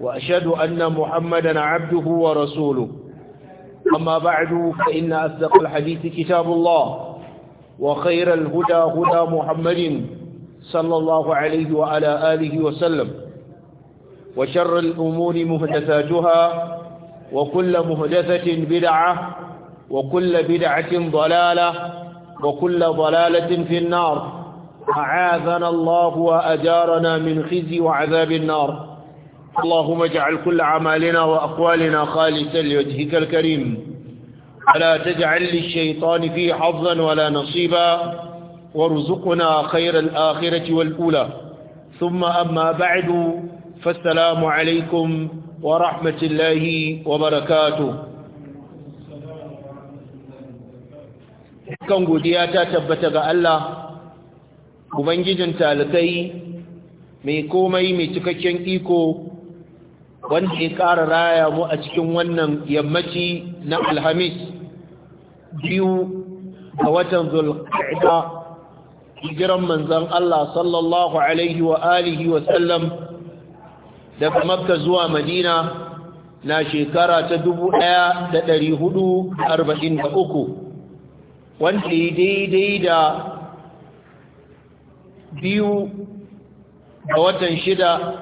وأشهد أن محمدا عبده ورسوله أما بعد فإن أصدق الحديث كتاب الله وخير الهدى هدى محمد صلى الله عليه وعلى آله وسلم وشر الأمور مهدثاتها وكل مهدثة بدعة وكل بدعة ضلالة وكل ضلالة في النار أعاذنا الله وأجارنا من خزي وعذاب النار اللهم اجعل كل عمالنا وأقوالنا خالصا لوجهك الكريم ولا تجعل للشيطان فيه حظا ولا نصيبا وارزقنا خير الآخرة والأولى ثم أما بعد فالسلام عليكم ورحمة الله وبركاته kan godiya ta tabbata ga Allah ubangijin talakai mai komai mai cikakken iko wanda ya ƙara raya mu a cikin wannan yammaci na alhamis biyu ga watan zulqa'da hijiran manzon Allah sallallahu alaihi wa alihi wa sallam daga makka zuwa madina na shekara ta 1443 wanda ya daidai da biyu ga watan shida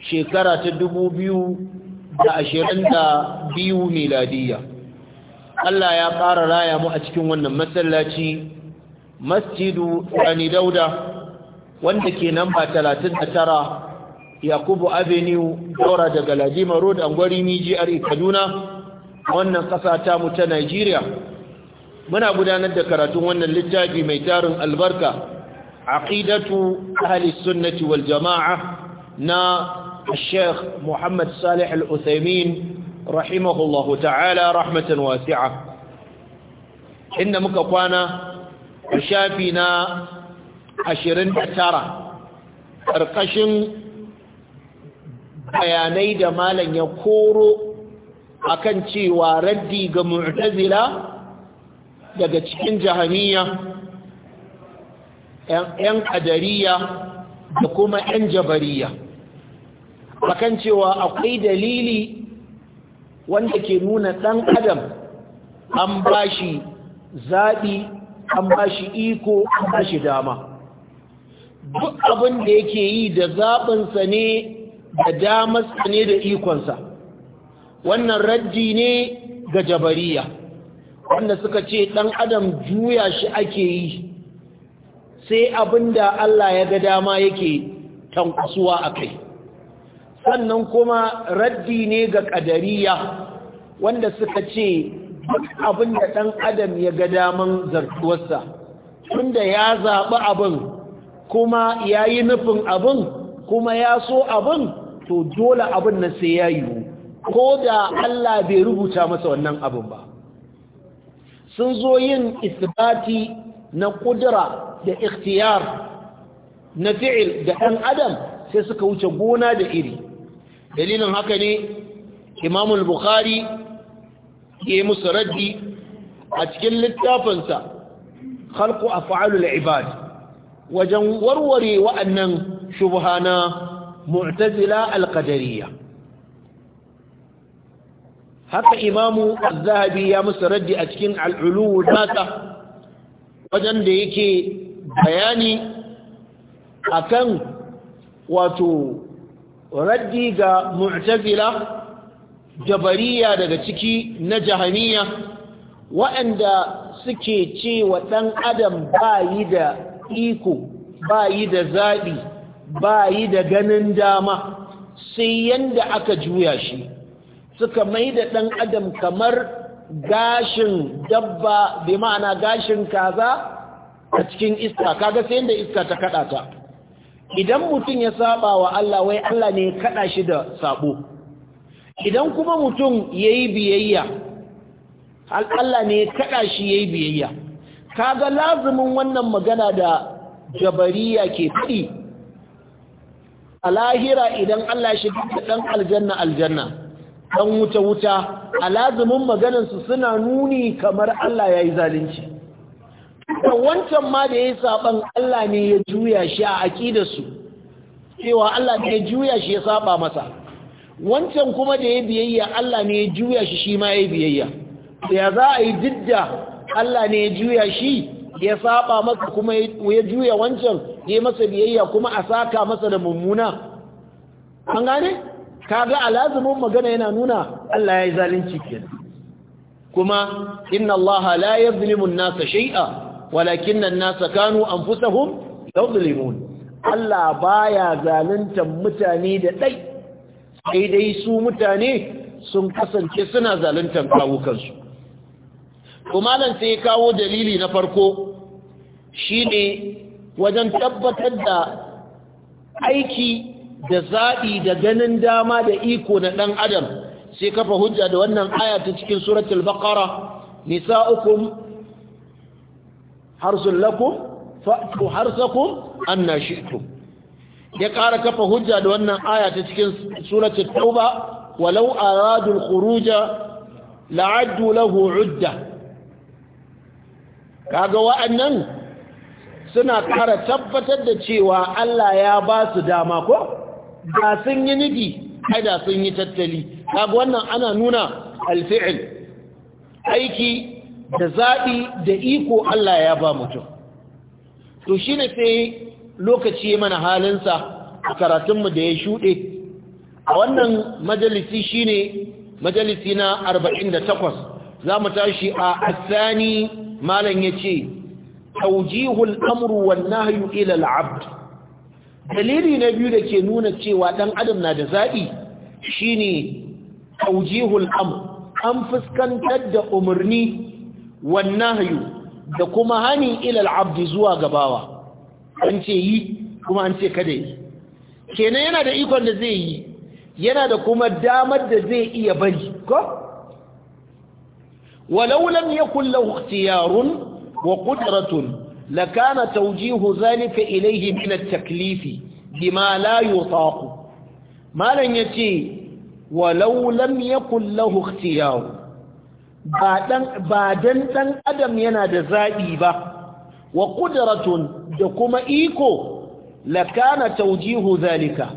shekara ta dubu biyu da ashirin da biyu miladiyya Allah ya ƙara raya mu a cikin wannan masallaci masjidu Sani Dauda wanda ke namba tara Yakubu Avenue Daura daga Ladima Road gwari Miji Ari e, Kaduna wannan ƙasa ta mu ta Najeriya muna gudanar da karatun wannan littafi mai tarin albarka aqidatu ahli sunnati wal jama'a na الشيخ محمد صالح الأثيمين رحمه الله تعالى رحمة واسعة إن مكفانا أشافنا عشرين أترى أرقشن بياني دمالا يقور أكنتي واردي قمعتزلة لقدشن جهنية قدرية بكما إن جبرية akan cewa akwai dalili wanda ke nuna ɗan adam an ba shi zaɓi an ba shi iko an ba shi dama duk abin da yake yi da zaɓinsa ne da damarsa ne da ikonsa wannan raddi ne ga jabariya wanda suka ce ɗan adam juya shi ake yi sai abin da Allah ya ga dama yake tankasuwa a kai sannan kuma raddi ne ga ƙadariya wanda suka ce duk abin da ɗan adam ya ga daman zartuwarsa tunda ya zaɓi abin kuma ya yi nufin abin kuma ya so abin to dole abin na sai ya yiwu ko da Allah bai rubuta masa wannan abin ba sun zo yin isbati na kudura da ikhtiyar na fi'il da ɗan adam sai suka wuce gona da iri dalilin haka ne imamul bukhari ya musu raddi a cikin littafinsa a fa'alul ibad wajen warware wa'annan shubhana mu'tazila al-qadariyya haka imamu zahabi ya musu raddi a cikin al-ulul wajen da yake bayani akan wato raddi ga mu'tazila jabariya daga ciki na jahaniya waɗanda suke ce wa ɗan adam bayi da iko bayi da zaɓi bayi da ganin dama sai yanda aka juya shi suka mai da ɗan adam kamar gashin dabba bai ma'ana gashin kaza a cikin iska kaga sai yanda iska ta kaɗa ta idan mutum ya saba wa Allah wai Allah ne kada shi da sabo idan kuma mutum yayi biyayya Allah ne kada shi yayi biyayya kaga lazumin wannan magana da jabariya ke fadi a lahira idan Allah shi da dan aljanna aljanna dan wuta wuta a lazumin maganansu suna nuni kamar Allah yayi zalunci da wancan ma da ya yi saɓan, Allah ne ya juya shi a aƙidarsu cewa Allah ne ya juya shi ya saba masa wancan kuma da ya biyayya Allah ne ya juya shi shi ma ya biyayya ya za a yi didda Allah ne ya juya shi ya saba masa kuma ya juya wancan ya masa biyayya kuma a saka masa da mummuna an gane kaga alazumin magana yana nuna Allah ya yi zalunci kuma inna Allah la yadhlimu an-nasa shai'a walakin nan nasa kanu anfusahum yadhlimun Allah baya zaluntar mutane da ɗai, sai dai su mutane sun kasance suna zaluntar kawukansu kuma sai ya kawo dalili na farko shine wajen tabbatar da aiki da zaɓi da ganin dama da iko na ɗan adam sai kafa hujja da wannan aya ta cikin suratul baqara nisa'ukum harsun lakum fa'tu harsakum anna shi'tum ya ƙara kafa hujja da wannan aya ta cikin suratul tauba walau aradu al-khuruja la'addu lahu 'udda kaga wa'annan suna ƙara tabbatar da cewa Allah ya ba su dama ko da sun yi nidi da sun yi tattali kaga wannan ana nuna al aiki da zaɓi da iko Allah ya ba mutum to shi ne sai lokaci mana halinsa a karatunmu da ya shuɗe a wannan majalisi shi ne majalisi na arba'in 48 za mu tashi a asani malam ya ce taujihul amru wa nahyu ila al dalili na biyu da ke nuna cewa ɗan adam na da zaɓi shine taujihul an fuskantar da umarni Wannan nahyu da kuma hani ilal abdi zuwa gabawa an ce yi kuma an ce kada yi kenan yana da ikon da zai yi yana da kuma damar da zai iya bari ko walau lam yakul lahu ikhtiyarun wa qudratun lakana tawjihu zalika ilayhi min at-taklif bima la yutaq malan yace walau lam yakul lahu ikhtiyarun ba dan ɗan adam yana da zaɓi ba wa ƙudaratun da kuma iko lakana taujihu zalika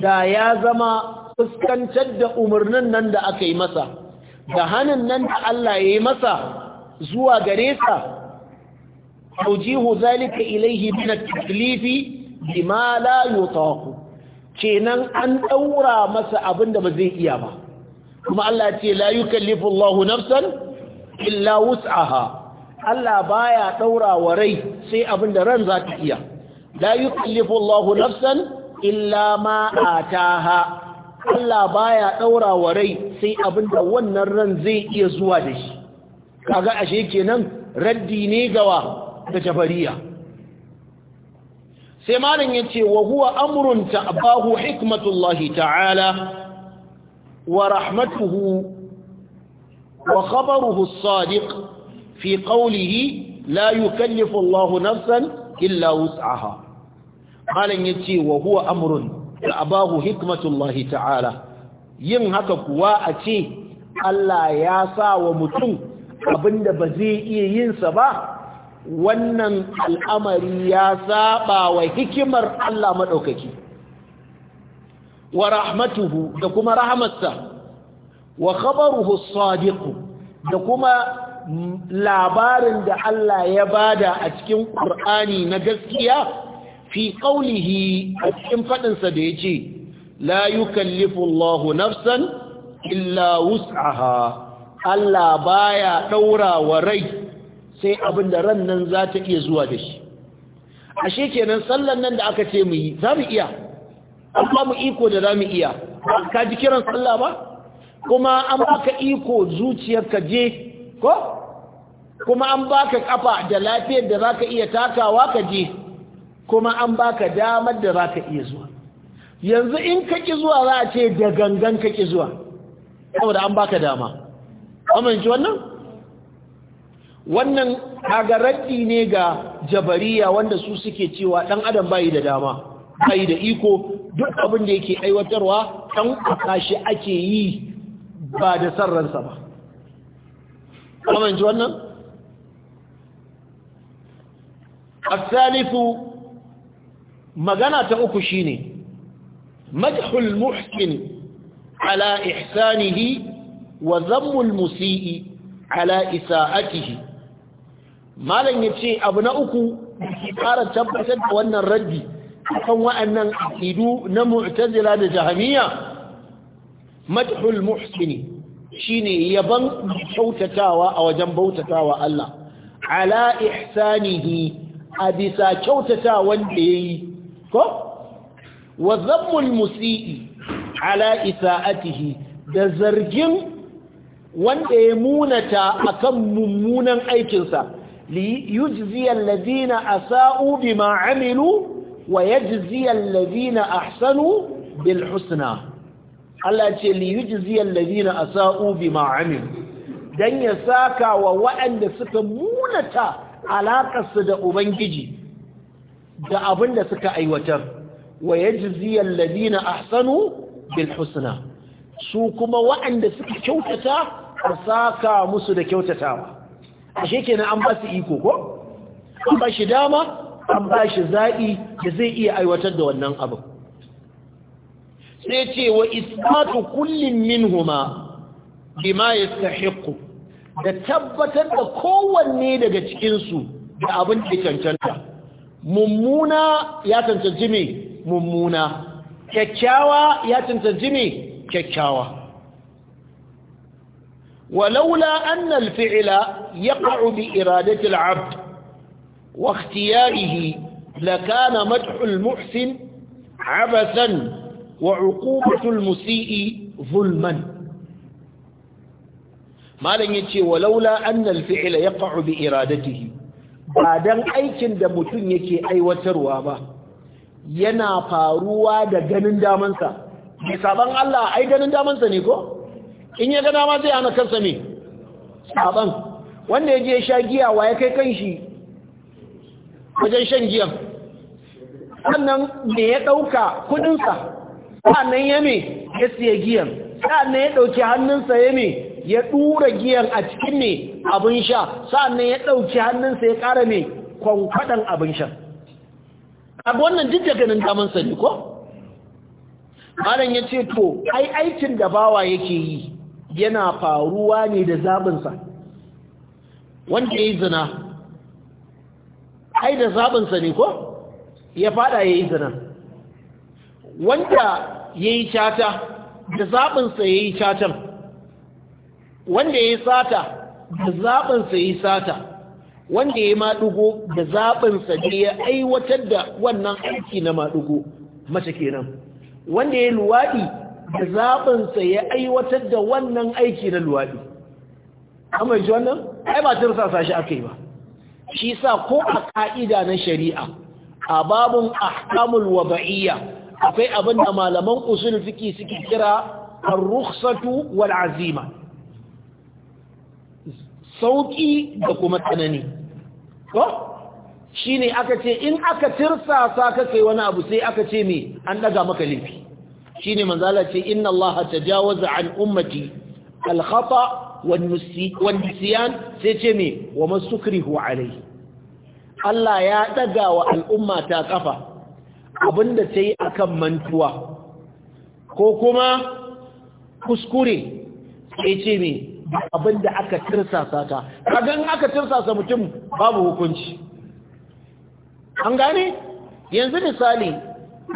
da ya zama fuskantar da umarnin nan da aka yi masa da hannun nan da Allah ya yi masa zuwa gare sa taujihu zalika ilaihi bin taklifi bima la yutaqu kenan an daura masa abinda ba zai iya ba kuma Allah ce la yukallifu Allahu nafsan illa wus'aha Allah baya daura wa rai sai abin da ran za ta iya la yukallifu Allahu nafsan illa ma ataha Allah baya daura wa rai sai abin da wannan ran zai iya zuwa da shi kaga ashe kenan raddi ne gawa da jabariya sai malam yace wa huwa amrun ta'abahu hikmatullahi ta'ala ورحمته وخبره الصادق في قوله لا يكلف الله نفسا إلا وسعها قال يتي وهو أمر أباه حكمة الله تعالى yin haka kuwa a ce Allah ya sa wa mutum abinda ba zai iya yinsa ba wannan al'amari ya saba wa hikimar Allah maɗaukaki wa rahmatuhu da kuma rahamarsa wa khabaruhu sadiq da kuma labarin da Allah ya bada a cikin Qur'ani na gaskiya fi qawlihi a cikin fadin sa da yace la yukallifu Allahu nafsan illa wus'aha Allah baya daura wa rai sai da ran nan za ta iya zuwa da shi ashe kenan sallan nan da aka ce mu yi za mu iya an mu iko da za mu iya ka ji kiran sallah ba kuma an baka iko zuciyarka je ko kuma an baka kafa da lafiyar da zaka iya takawa ka je kuma an baka damar da zaka iya zuwa yanzu in ka ki zuwa za a ce da gangan ka ki zuwa saboda an baka dama amince wannan wannan agaraddi ne ga jabariya wanda su suke cewa dan adam bai da dama bai da iko duk abin da yake aiwatarwa ɗan ƙasa ake yi ba da sarransa ba kamanci wannan? asalifu magana ta uku shine majhul muhsin ala ihsanihi wa zammul musii ala isaatihi ya ce abu na uku ki fara tabbatar da wannan raddi akan wa'annan aqidu na mu'tazila da jahamiya madhul muhsini shine yaban kyautatawa a wajen bautatawa Allah ala ihsanihi a bisa kyautata wanda yayi ko wa dhammul musii ala isaatihi da zargin wanda ya munata akan mummunan aikinsa li yujzi alladhina asa'u bima amilu wa yajziyal ladina ahsanu bil Allah ce li yujziyal ladina Asa bima dan ya saka wa waɗanda suka munata su da ubangiji da abin da suka aiwatar wa yajziyal ladina ahsanu bil husna su kuma waɗanda suka kyautata a saka musu da kyautatawa ashe kenan an ba su iko ko an ba shi dama an ba shi zaɓi da zai iya aiwatar da wannan abin sai ce wa isbatu kullum min huma bima ya da tabbatar da kowanne daga cikinsu da abin da cancanta mummuna ya cancanci me mummuna kyakkyawa ya cancanci me kyakkyawa ولولا ya الفعل يقع بإرادة العبد واختياره لكان مدح المحسن عبثا وعقوبة المسيء ظلما ما لن يتشي ولولا أن الفعل يقع بإرادته بعدن aikin da mutum yake aiwatarwa ba yana faruwa da ganin damansa mai saban Allah ai ganin damansa ne ko in ya ga dama zai hana kansa me saban wanda ya je sha giya wa ya kai kanshi wajen shan giyan sannan me ya ɗauka kudinsa sannan ya me ya siya giyan sannan ya ɗauki hannunsa ya me ya ɗura giyan a cikin ne abin sha sannan ya ɗauki hannunsa ya ƙara ne kwankwaɗan abin sha abu wannan duk da ganin damansa ne ko? malam ya ce to ai aikin da bawa yake yi yana faruwa ne da zaɓinsa wanda ya yi zina ai da zaɓinsa ne ko ya faɗa ya yi zina wanda ya yi cata da zaɓinsa ya yi catan wanda ya yi sata da zaɓinsa ya yi sata wanda ya yi maɗugo da zaɓinsa ne ya aiwatar da wannan aiki na maɗugo mace kenan wanda ya yi luwaɗi da zaɓinsa ya aiwatar da wannan aiki na luwaɗi amma ji wannan ai ba ta sashi aka yi ba shi sa ko a ka'ida na shari'a a babun ahkamul wada'iyya akwai abin da malaman usul fiki suke kira ar-rukhsatu wal azima sauki da kuma tsanani ko shine aka ce in aka tirsasa ka kai wani abu sai aka ce me an daga maka laifi shine manzala ce inna allaha tajawaza an ummati al khata والنسيان wa وما سكره alai. Allah ya ɗaga wa al'umma ta ƙafa abinda ta yi akan mantuwa ko kuma kuskure sai ce mai abinda aka tirsasa ta kagan aka tirsasa mutum babu hukunci an gane yanzu misali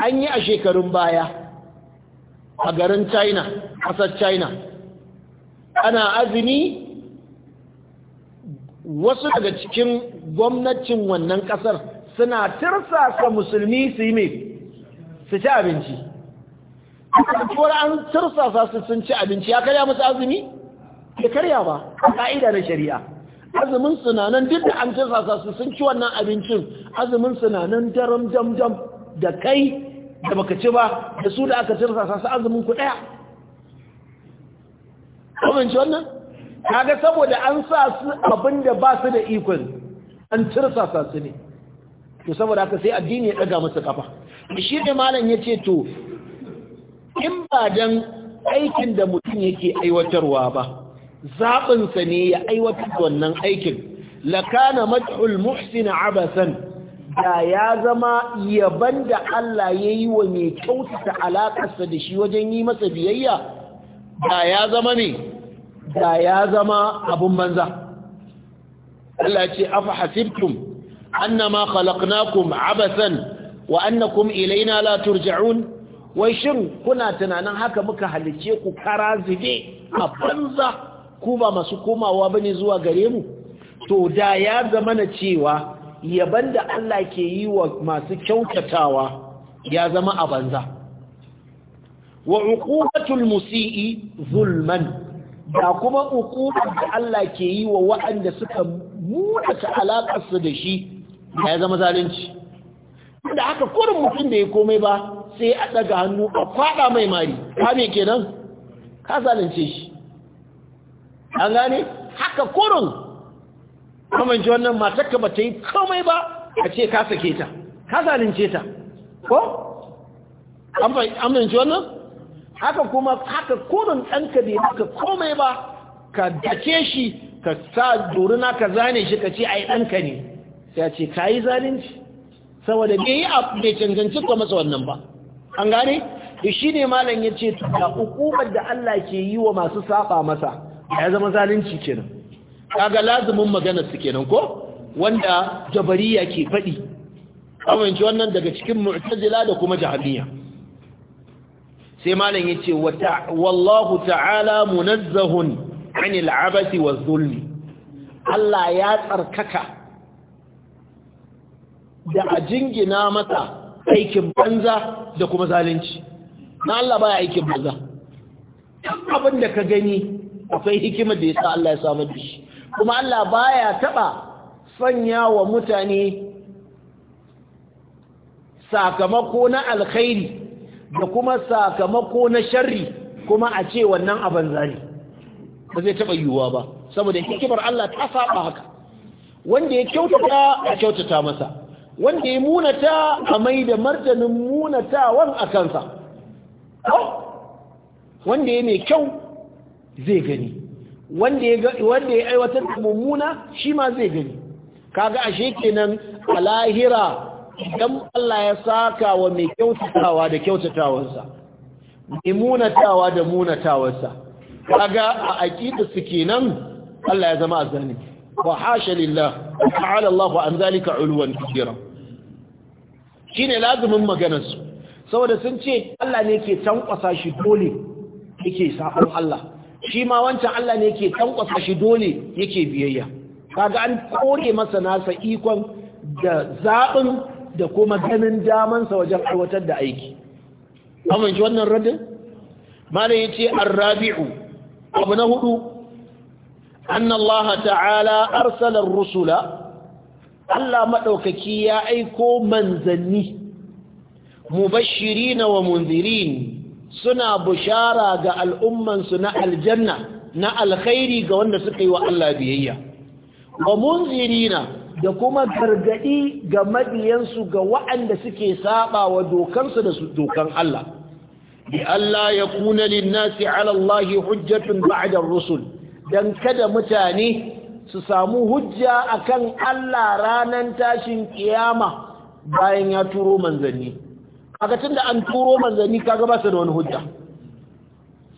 an yi a shekarun baya a garin china ƙasar china ana azumi wasu daga cikin gwamnatin wannan ƙasar suna tirsasa musulmi su yi mai su ci abinci kuwar an tirsasa su sun ci abinci ya karya musu azumi? ya karya ba Ka'ida na shari'a azumin sunanan duk da an tirsasa su sun ci wannan abincin azumin sunanan daram jam jam da kai da baka ci ba da su da aka tirsasa su azumin ku ɗaya ci wannan kaga saboda an sa su abin da ba su da ikon an sa su ne to saboda haka sai addini ya daga ƙafa. kafa shi ne malam ya ce to in ba don aikin da mutum yake aiwatarwa ba zaɓinsa ne ya aiwatar da wannan aikin lakana mad'ul muhsin abasan da ya zama yaban da Allah ya yi wa mai kyautata alaƙarsa da shi wajen yi masa biyayya da ya zama ne da ya zama abun banza Allah ce afa hasibtum annama khalaqnakum abasan wa annakum ilaina la turja'un wai shin kuna tunanin haka muka halice ku kara zube a banza ku ba masu komawa bane zuwa gare mu to da ya zama na cewa yaban da Allah ke yi wa masu kyautatawa ya zama a banza wa uqubatul musii zulman da kuma uqubar da Allah ke yi wa waɗanda suka ta alakar su da shi ya zama zalunci da haka kurin mutum da ya komai ba sai a daga hannu a kwada mai mari Ba me kenan ka zalunce shi an gane haka kurin kuma ji wannan matar ka bata yi komai ba a ce ka sake ta ka zalunce ta ko an fahimci wannan haka kuma haka kurin ɗanka bai maka komai ba ka dace shi ka sa duruna ka zane shi ka ce ai ɗanka ne sai ce ka yi zalunci saboda bai yi abu bai cancanci ko masa wannan ba an gane da shi ne malam ya ce da hukumar da Allah ke yi wa masu saba masa ya zama zalunci kenan kaga lazumin maganar su kenan ko wanda jabariya ke faɗi amince wannan daga cikin mu'tazila da kuma jahiliya sai malam yace wata wallahu ta'ala munazzahun anil abasi waz zulmi Allah ya tsarkaka da a jingina mata aikin banza da kuma zalunci na Allah baya aikin banza abin da ka gani akwai hikimar da yasa Allah ya samu da shi kuma Allah baya taba sanya wa mutane sakamako na alkhairi da kuma sakamako na sharri kuma a ce wannan abin zari ba zai taɓa yiwuwa ba saboda hikimar Allah ta saba haka wanda ya kyautata a kyautata masa wanda ya munata a mai da martanin munatawan a kansa wanda ya mai kyau zai gani wanda ya aiwatar da mummuna shi ma zai gani kaga ashe kenan a lahira idan Allah ya saka wa mai kyautatawa da kyautatawarsa mai munatawa da munatawarsa kaga a aqida su kenan Allah ya zama azani wa hasha lillah ta'ala Allah an zalika ulwan kabira shine lazumin maganar su saboda sun ce Allah ne ke tankwasa shi dole yake sakon Allah shi ma wancan Allah ne ke tankwasa shi dole yake biyayya kaga an kore masa nasa ikon da zaɓin da kuma ganin damansa wajen aiwatar da aiki amince wannan radin malam yace ar-rabi'u abu na hudu anna Allah ta'ala arsala rusula Allah maɗaukaki ya aiko manzanni mubashirin wa munzirin suna bushara ga al'ummansu na aljanna na alkhairi ga wanda suka yi wa Allah biyayya wa munzirina da kuma gargadi ga mabiyansu ga waɗanda suke saba wa dokansu da su dokan Allah bi Allah ya kuna linnasi ala Allah hujjatun ba'da rusul dan kada mutane su samu hujja akan Allah ranan tashin kiyama bayan ya turo manzanni kaga tunda an turo manzanni kaga ba su da wani hujja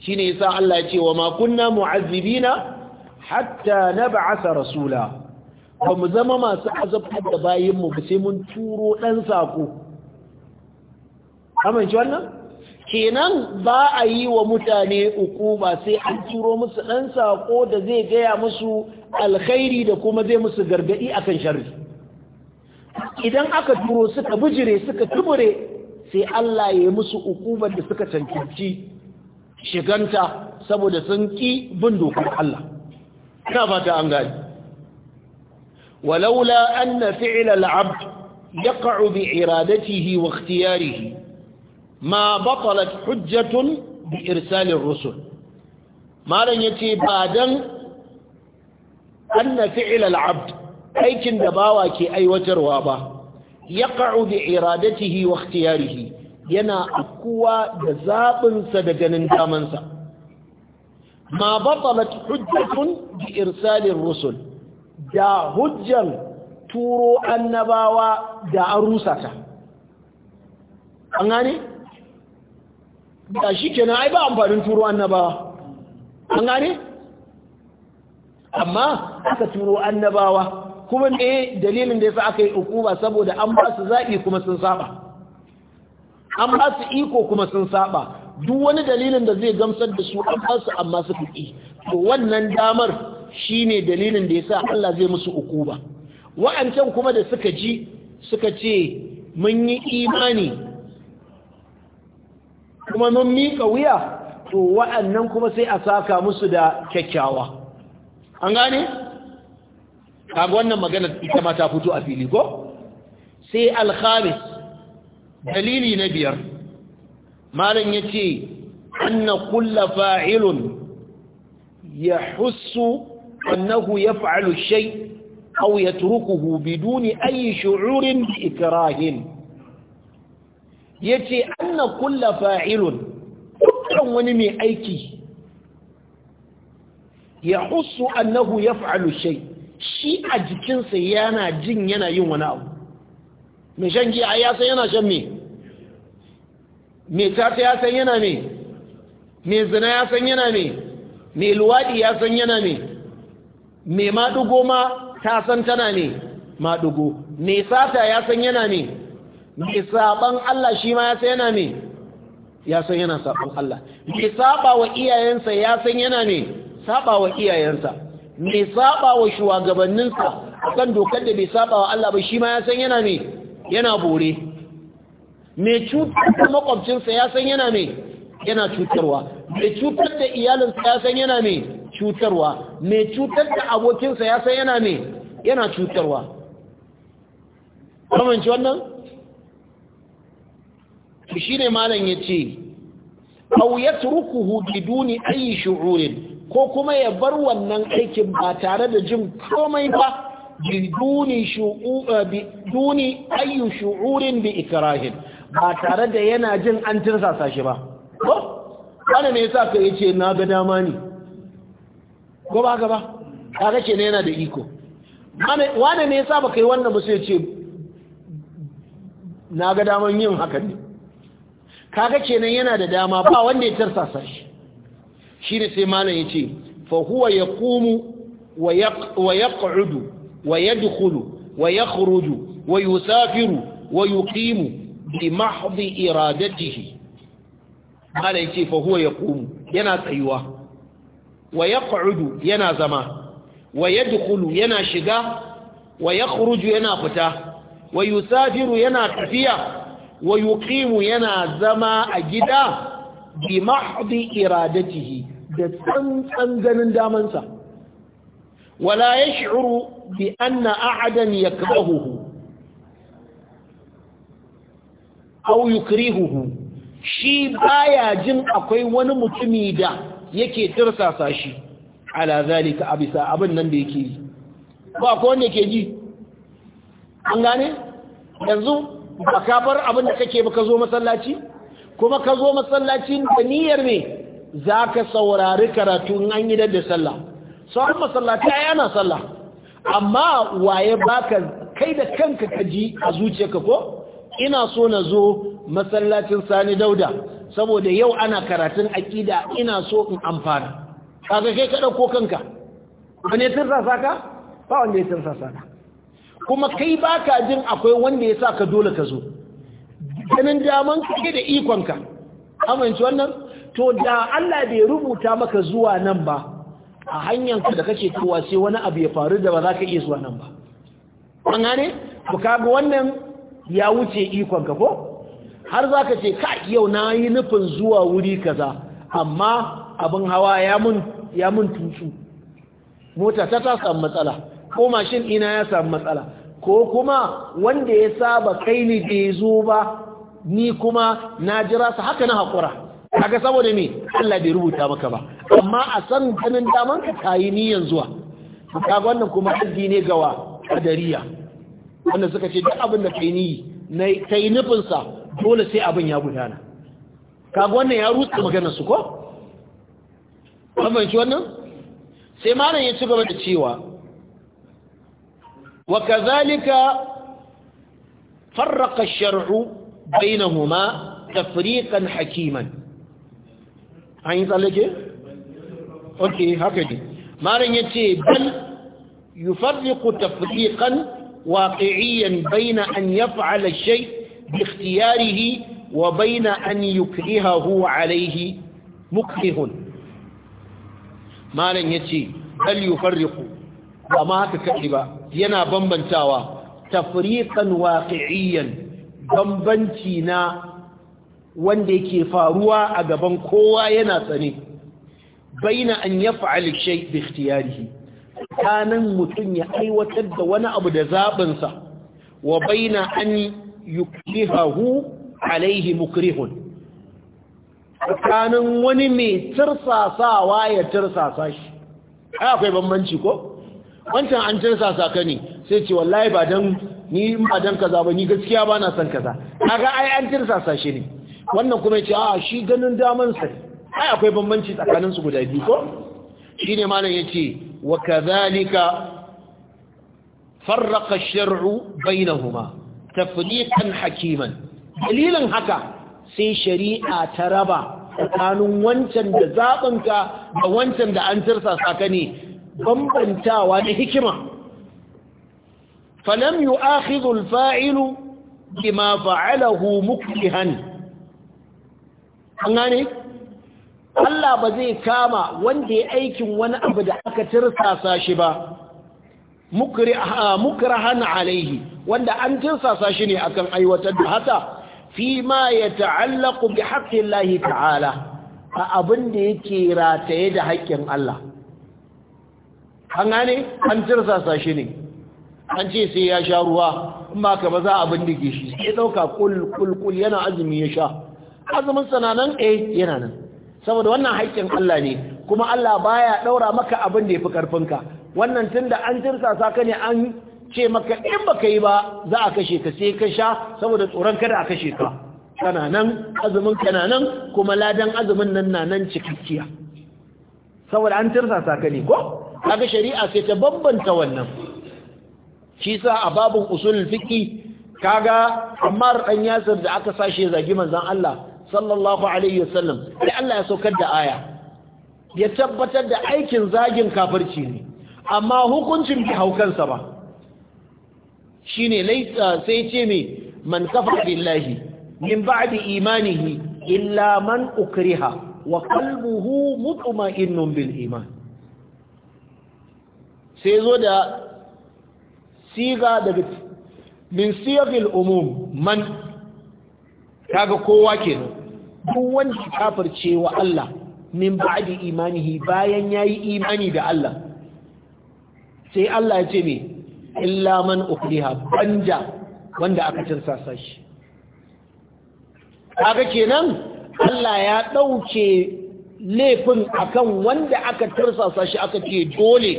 shine yasa Allah ya ce wa ma kunna mu'azzibina hatta nab'atha rasula ba mu zama masu azabtar da bayinmu ba sai mun turo ɗan saƙo amince wannan kenan ba a yi wa mutane uku ba sai an turo musu ɗan saƙo da zai gaya musu alkhairi da kuma zai musu gargaɗi akan sharri idan aka turo suka bijire suka tubure sai Allah ya musu ukubar da suka cancanci shiganta saboda sun ƙi bin dokar Allah ina fata an gani ولولا أن فعل العبد يقع بإرادته واختياره ما بطلت حجة بإرسال الرسل ما لن يتي أن فعل العبد aikin da bawa ke aiwatarwa ba ya ƙa'u da iradatihi wa ikhtiyarihi yana kuwa da zaɓinsa da ganin damansa ma batalat bi irsalin rusul da hujjan turo annabawa da an rusa ta an gane? da shi kenan ai ba amfanin turo annabawa an gane? amma aka turo annabawa kuma ne dalilin da ya sa aka yi ukuba saboda an ba su zaɓi kuma sun saba an ba su iko kuma sun saba duk wani dalilin da zai gamsar da su an ba su amma su kuɗi to wannan damar shine dalilin da ya sa Allah zai musu ukuba wa'ancan kuma da suka ji suka ce mun yi imani kuma mun miƙa wuya to wa'annan kuma sai a saka musu da kyakkyawa an gane kaga wannan magana ita ma ta fito a fili ko sai al dalili na biyar malam yace anna kullu fa'ilun ya husu. annahu yaf'alu shay aw yatrukuhu biduni ayi shu'urin bi ikrahin yace anna kullu fa'ilun dukkan wani mai aiki ya husu annahu yaf'alu shay shi a jikinsa yana jin yana yin wani abu mai shan giya ya san yana shan me mai tata ya san yana me mai zina ya san yana me mai luwaɗi ya san yana me mai maɗugo ma ta san tana ne maɗugo mai sata ya san yana ne mai saban Allah shi ma ya san yana ne ya san yana saɓan Allah mai saba wa iyayensa ya san yana ne saba wa iyayensa mai saba wa shugabanninsa kan dokar da bai saba wa Allah ba shi ma ya san yana ne yana bore mai cutar da makwabcinsa ya san yana ne yana cutarwa mai cutar da iyalinsa ya san yana ne cutarwa mai cutar da abokinsa ya san yana ne yana cutarwa kamanci wannan shi ne malam ya ce au ya turkuhu duni ayi shu'urin ko kuma ya bar wannan aikin ba tare da jin komai ba biduni eh, ayi shu'urin bi ikirahin ba tare da yana jin an tirsasa shi ba ko wani ne yasa ka ce na ga dama ne ko ba ba kaga ke ne yana da iko wane ne yasa baka yi wannan ba sai ce na ga daman yin haka ne kaga kenan yana da dama ba wanda ya tarsasa shi shine sai malam yace fa huwa yaqumu wa yaq'udu wa yadkhulu wa yakhruju wa yusafiru wa yuqimu bi mahdi iradatihi malam yace fa huwa yaqumu yana tsayuwa wa yaq'udu yana zama wa yadkhulu yana shiga wa yakhruju yana fita wa yusafiru yana tafiya wa yuqimu yana zama a gida bi mahdi iradatihi da tsantsan ganin damansa wala yash'uru bi anna ahadan yakrahuhu aw yukrihuhu shi baya jin akwai wani mutumi da yake tirsasa shi ala zalika abisa abin nan da yake yi ba ko wanda ke ji an gane yanzu ba ka bar abin da kake ba ka zo masallaci kuma ka zo masallaci da niyyar ne za ka saurari karatu an yi da sallah sauran masallaci ya yana sallah amma waye baka kai da kanka ka ji a zuciyarka ko ina so na zo masallacin sani dauda saboda yau ana karatun aƙida ina so in amfana kaga kai ka ɗauko kanka wani ya sasa ka ba wanda ya sasa ka kuma kai ba jin akwai wanda ya sa ka dole ka zo ganin daman kake da ikonka amince wannan to da Allah bai rubuta maka zuwa nan ba a hanyar da kake kowa sai wani abu ya faru da ba za ka iya zuwa nan ba an gane ku kaga wannan ya wuce ikonka ko har za ka ce ka yau na yi nufin zuwa wuri kaza amma abin hawa ya mun tutsu mota ta ta samu matsala ko mashin ina ya samu matsala ko kuma wanda ya saba kai ni ya zo ba ni kuma na jira su haka na haƙura haka saboda me Allah bai rubuta maka ba amma a san ganin daman ka kayi niyan zuwa kaga wannan kuma haddi ne gawa kadariya wanda suka ce duk abin da kai ni na kai nufin sa dole sai abin ya gudana kaga wannan ya rutsa maganar su ko kamanci wannan sai malam ya ci gaba da cewa wa kazalika farraqa ash-shar'u bainahuma tafriqan hakiman an yi tsallake? ok haka ne malam ya ce bal yufarriqu tafriqan waqi'iyan baina an yaf'ala shay باختياره وبين أن يكرهه عليه مكره ما لن يتي بل يفرق وما تكذب ينا tafriƙan تفريقا واقعيا na wanda yake faruwa a gaban kowa yana tsane baina an yaf'al shay bi ikhtiyarihi kanan mutun ya aiwatar da wani abu da zaɓen sa wa baina an yukrihahu alaihi mukrihun tsakanin wani mai tirsasawa ya tirsasa shi ai akwai bambanci ko wancan an tirsasa ka ne sai ce wallahi ba dan ni ba dan kaza ba ni gaskiya ba na son kaza kaga ai an tirsasa shi ne wannan kuma yace a shi ganin daman sa ai akwai bambanci tsakanin su guda biyu ko shine malam yace wa kadhalika farraqa ash-shar'u bainahuma tafriqan hakiman dalilin haka sai shari'a ta raba tsakanin wancan da zaɓinka da wancan da an tirsa saka ne bambantawa da hikima falam yu'akhidhu al bima fa'alahu muklihan an gane Allah ba zai kama wanda ya aikin wani abu da aka tirsasa shi ba Ah, ah, mukrahan alaihi wanda an tirsasa shi ne akan aiwatar da haka fi ma ya ta'allaqu bi haqqillahi ta'ala a abin da yake rataye da haƙƙin Allah an gane an tirsasa shi ne an ce sai ya sha ruwa amma ka ba za a bindige shi sai dauka kul kul yana azumi ya sha azumin sananan eh yana nan saboda wannan haƙƙin Allah ne kuma Allah baya ɗaura maka abin da yafi karfinka wannan tunda an tirsasa ka ne an ce maka in baka yi ba za a kashe ka sai ka sha saboda tsoron kada a kashe ka kana nan azumin kana nan kuma ladan azumin nan na nan cikakkiya saboda an tirsasa ka ne ko kaga shari'a sai ta bambanta wannan shi sa a babun usul fiqi kaga Ammar dan Yasir da aka sashe zagi manzon Allah sallallahu alaihi wasallam da Allah ya saukar da aya ya tabbatar da aikin zagin kafirci ne amma hukuncin bi haukansa ba shine laisa sai ce me man kafa billahi min ba ba'di imanihi illa man ukriha wa qalbuhu mutma'innun bil iman sai zo da siga daga min siyaqil umum man kaga kowa kenan duk wani kafirce wa Allah min ba ba'di imanihi bayan ya yi imani da Allah sai Allah ya ce me illa man ukliha banja wanda aka cinsa sashi kaga kenan Allah ya dauke laifin akan wanda aka tursa shi aka ce dole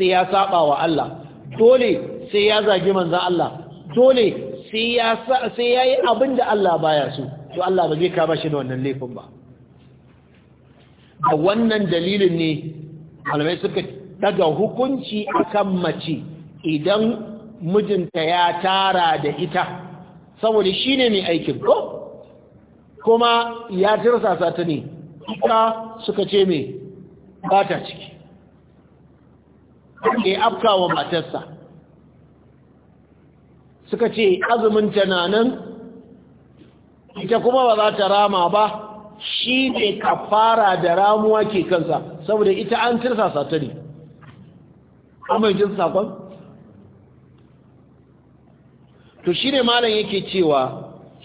sai ya saba wa Allah dole sai ya zagi manzon Allah dole sai ya sai yayi abinda Allah baya so to Allah ba zai kama shi da wannan laifin ba A wannan dalilin ne malamai suka daga hukunci akan mace idan mijinta ya tara da ita saboda shi ne mai aikin ko kuma ya tirsasa ta ne ita suka ce mai ba ta ciki ke afkawa matarsa suka ce azumin tunanin ita kuma ba za ta rama ba shi ne ka fara da ramuwa ke kansa saboda ita an tirsasa ta ne amma jin sakon to shine malam yake cewa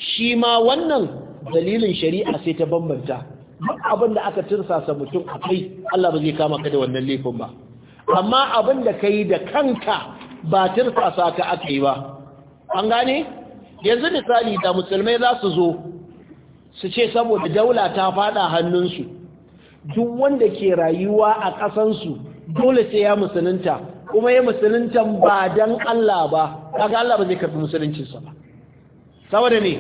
shi ma wannan dalilin shari'a sai ta bambanta duk abin da aka tursasa mutum akai Allah ba zai kama ka da wannan laifin ba amma abin da kai da kanka ba tirsasa ka aka yi ba an gane yanzu misali da musulmai za su zo su ce saboda daula ta fada hannunsu duk wanda ke rayuwa a ƙasansu dole sai ya musulunta kuma ya musuluntan ba dan Allah ba kaga Allah ba zai karbi musuluncinsa ba saboda ne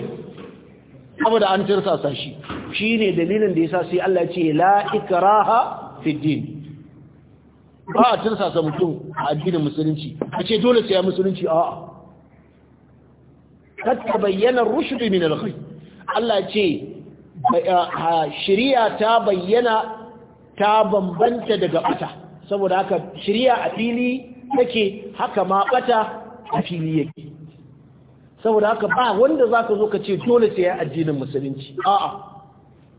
saboda an tirsasa shi shine dalilin da yasa sai Allah ya ce la ikraha fi din ba a sa mutum a addinin musulunci a ce dole sai ya musulunci a'a kad tabayyana ar-rushd min al-ghay Allah ce shari'a ta bayyana ta bambanta daga bata saboda haka shirya a fili take haka ma bata a fili yake saboda haka ba wanda za ka zo ka ce dole sai ya addinin musulunci a'a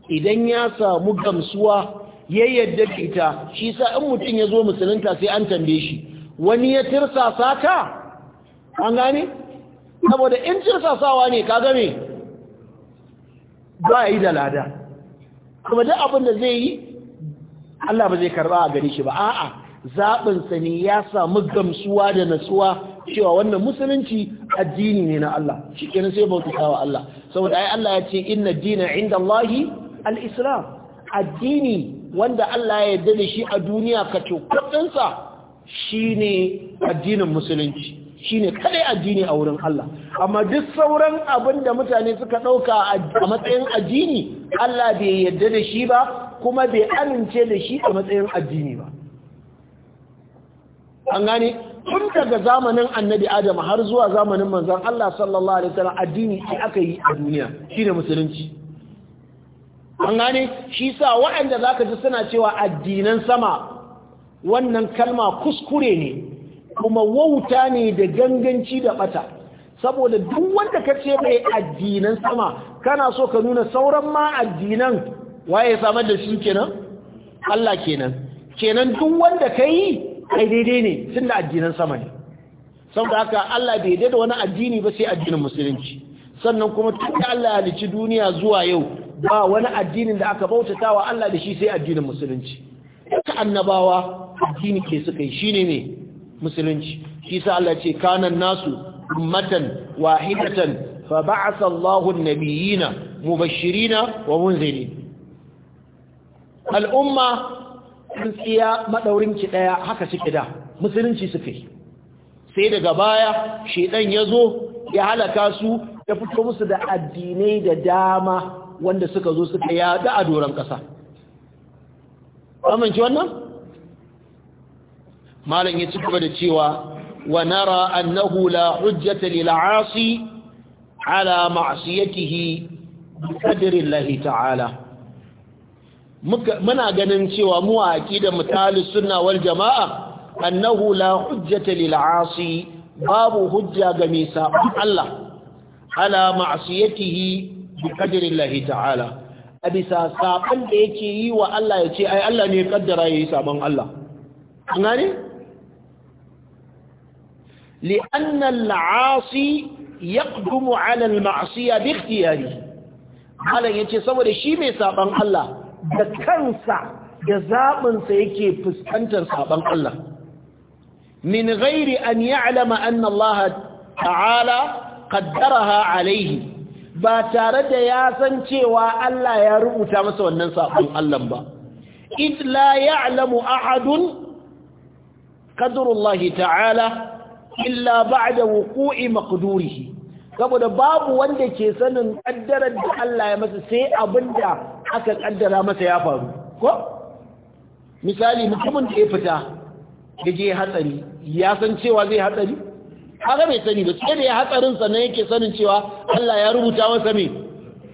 idan ya samu gamsuwa ya yadda da shi sa in mutum ya zo musulunta sai an tambaye shi wani ya tirsasa ka an gane saboda in tirsasawa ne ka game ba yi da lada kuma duk abin da zai yi Allah ba zai karba a gare shi ba a'a zaɓin sa ne ya samu gamsuwa da natsuwa cewa wannan musulunci addini ne na Allah shikenan sai bautuka wa Allah saboda ai Allah ya ce inna dina inda Allahi al-islam addini wanda Allah ya yarda da shi a duniya ka cokudin sa shine addinin musulunci shine kadai addini a wurin Allah amma duk sauran abin da mutane suka dauka a matsayin addini Allah bai yarda da shi ba kuma bai amince da shi a matsayin addini ba an gani tun daga zamanin annabi adam har zuwa zamanin manzan Allah sallallahu alaihi wasallam addini shi aka yi a duniya shine musulunci an gani shi sa waɗanda za ka ji suna cewa addinan sama wannan kalma kuskure ne kuma wauta ne da ganganci da bata saboda duk wanda ka ce mai addinan sama kana so ka nuna sauran ma addinan waye samar da su kenan Allah kenan kenan duk wanda kai ai daidai ne tunda addinin sama ne saboda haka Allah bai da wani addini ba sai addinin musulunci sannan kuma tunda Allah ya naci duniya zuwa yau ba wani addinin da aka bautatawa Allah da shi sai addinin musulunci ta annabawa addini ke suka yi shine ne musulunci shi sa Allah ce kanan nasu ummatan wahidatan fa ba'atha Allahu an-nabiyina mubashirina wa munzirina al'umma tsintsiya maɗaurinki ɗaya haka suke da musulunci suke sai daga baya shaidan ya zo ya halaka su ya fito musu da addinai da dama wanda suka zo suka yada a doron ƙasa amince wannan malam ya ci gaba da cewa wa nara annahu la hujjata lil asi ala ma'siyatihi bi qadri ta'ala muna ganin cewa mu a aqidar mutalis sunna wal jama'a annahu la hujjata lil asi babu hujja ga mai sabon Allah ala ma'siyatihi bi qadri Allah ta'ala abisa sabon da yake yi wa Allah ya ce ai Allah ne kaddara yayi sabon Allah an gane لأن العاصي يقدم على المعصية باختياره malam yace saboda shi mai sabon Allah da kansa da zaɓinsa yake fuskantar saɓon Allah min ghairi an ya'lama anna Allah ta'ala qaddaraha alaihi ba tare da ya san cewa Allah ya rubuta masa wannan saɓon Allah ba id la ya'lamu ahadun qadrullahi ta'ala illa ba'da wuqu'i maqdurihi saboda babu wanda ke sanin ƙaddarar da Allah ya masa sai abinda aka kaddara masa ya faru ko misali mutumin da ya fita da je hatsari ya san cewa zai hatsari kaga bai sani ba sai da ya hatsarin sannan yake sanin cewa Allah ya rubuta masa me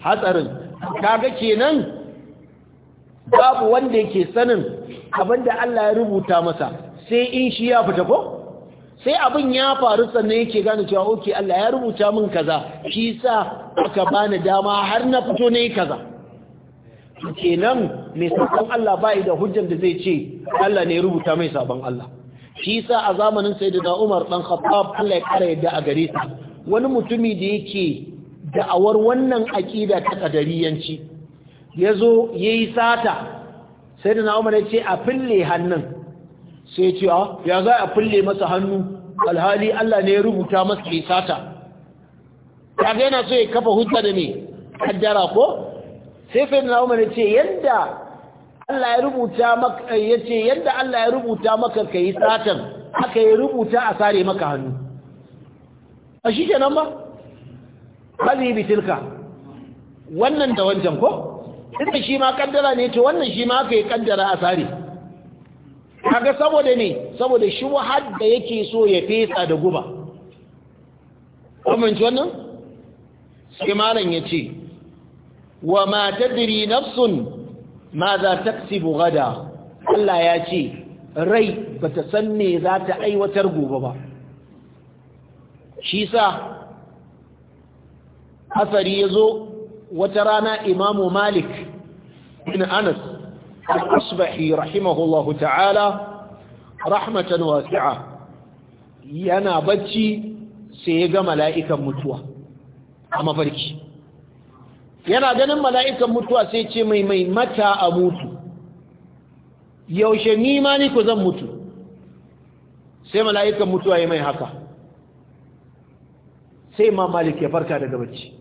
hatsarin kaga kenan babu wanda yake sanin da Allah ya rubuta masa sai in shi ya fita ko sai abin ya faru sannan yake gane cewa oke Allah ya rubuta min kaza shi sa aka bani dama har na fito ne kaza kenan mai sabon Allah bai da hujjar da zai ce Allah ne rubuta mai sabon Allah shi sa a zamanin da Umar dan Khattab Allah ya kare yadda a gare sa wani mutumi da yake da'awar wannan aƙida ta kadariyanci yazo yayi sata da Umar ya ce a fille hannun sai ce a ah, ya za a fille masa hannu alhali Allah ne ya rubuta masa sata ya yana so ya kafa hujja da ne kaddara ko sai na Umar ya ce yadda Allah ya rubuta maka ce yadda Allah ya rubuta maka yi satan aka yi rubuta a sare maka hannu a shi nan ba hali bitilka wannan da wancan ko inda shi ma kaddara ne to wannan shi ma aka yi kaddara a sare kaga saboda ne saboda shi wahad da yake so ya fesa da guba amince wannan sai malam ya ce وما تدري نفس ماذا تكسب غدا الا يا شي ري بتسني ذات اي وترجو بابا شي سا اثر يزو وترانا امام مالك بن انس الاصبحي رحمه الله تعالى رحمة واسعة ينا بجي سيغا ملائكة متوى اما فريكي yana ganin mala'ikan mutuwa sai ce mai mai mata a mutu yaushe ni ma ni ku zan mutu sai mala'ikan mutuwa ya mai haka sai ma malik ya farka daga bacci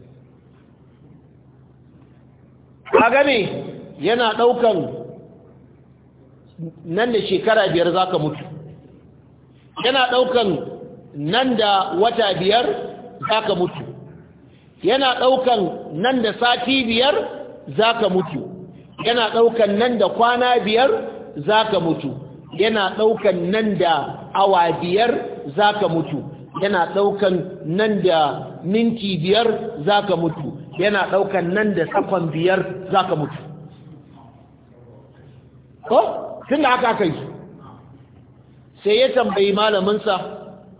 a gane yana ɗaukan nan da shekara biyar za ka mutu yana ɗaukan nan da wata biyar za ka mutu yana ɗaukan nan da sati biyar za ka mutu yana ɗaukan nan da kwana biyar za ka mutu yana ɗaukan nan da awa biyar za ka mutu yana ɗaukan nan da minti biyar za ka mutu yana ɗaukan nan da sakon biyar za ka mutu ko tun da haka aka yi sai ya tambayi malaminsa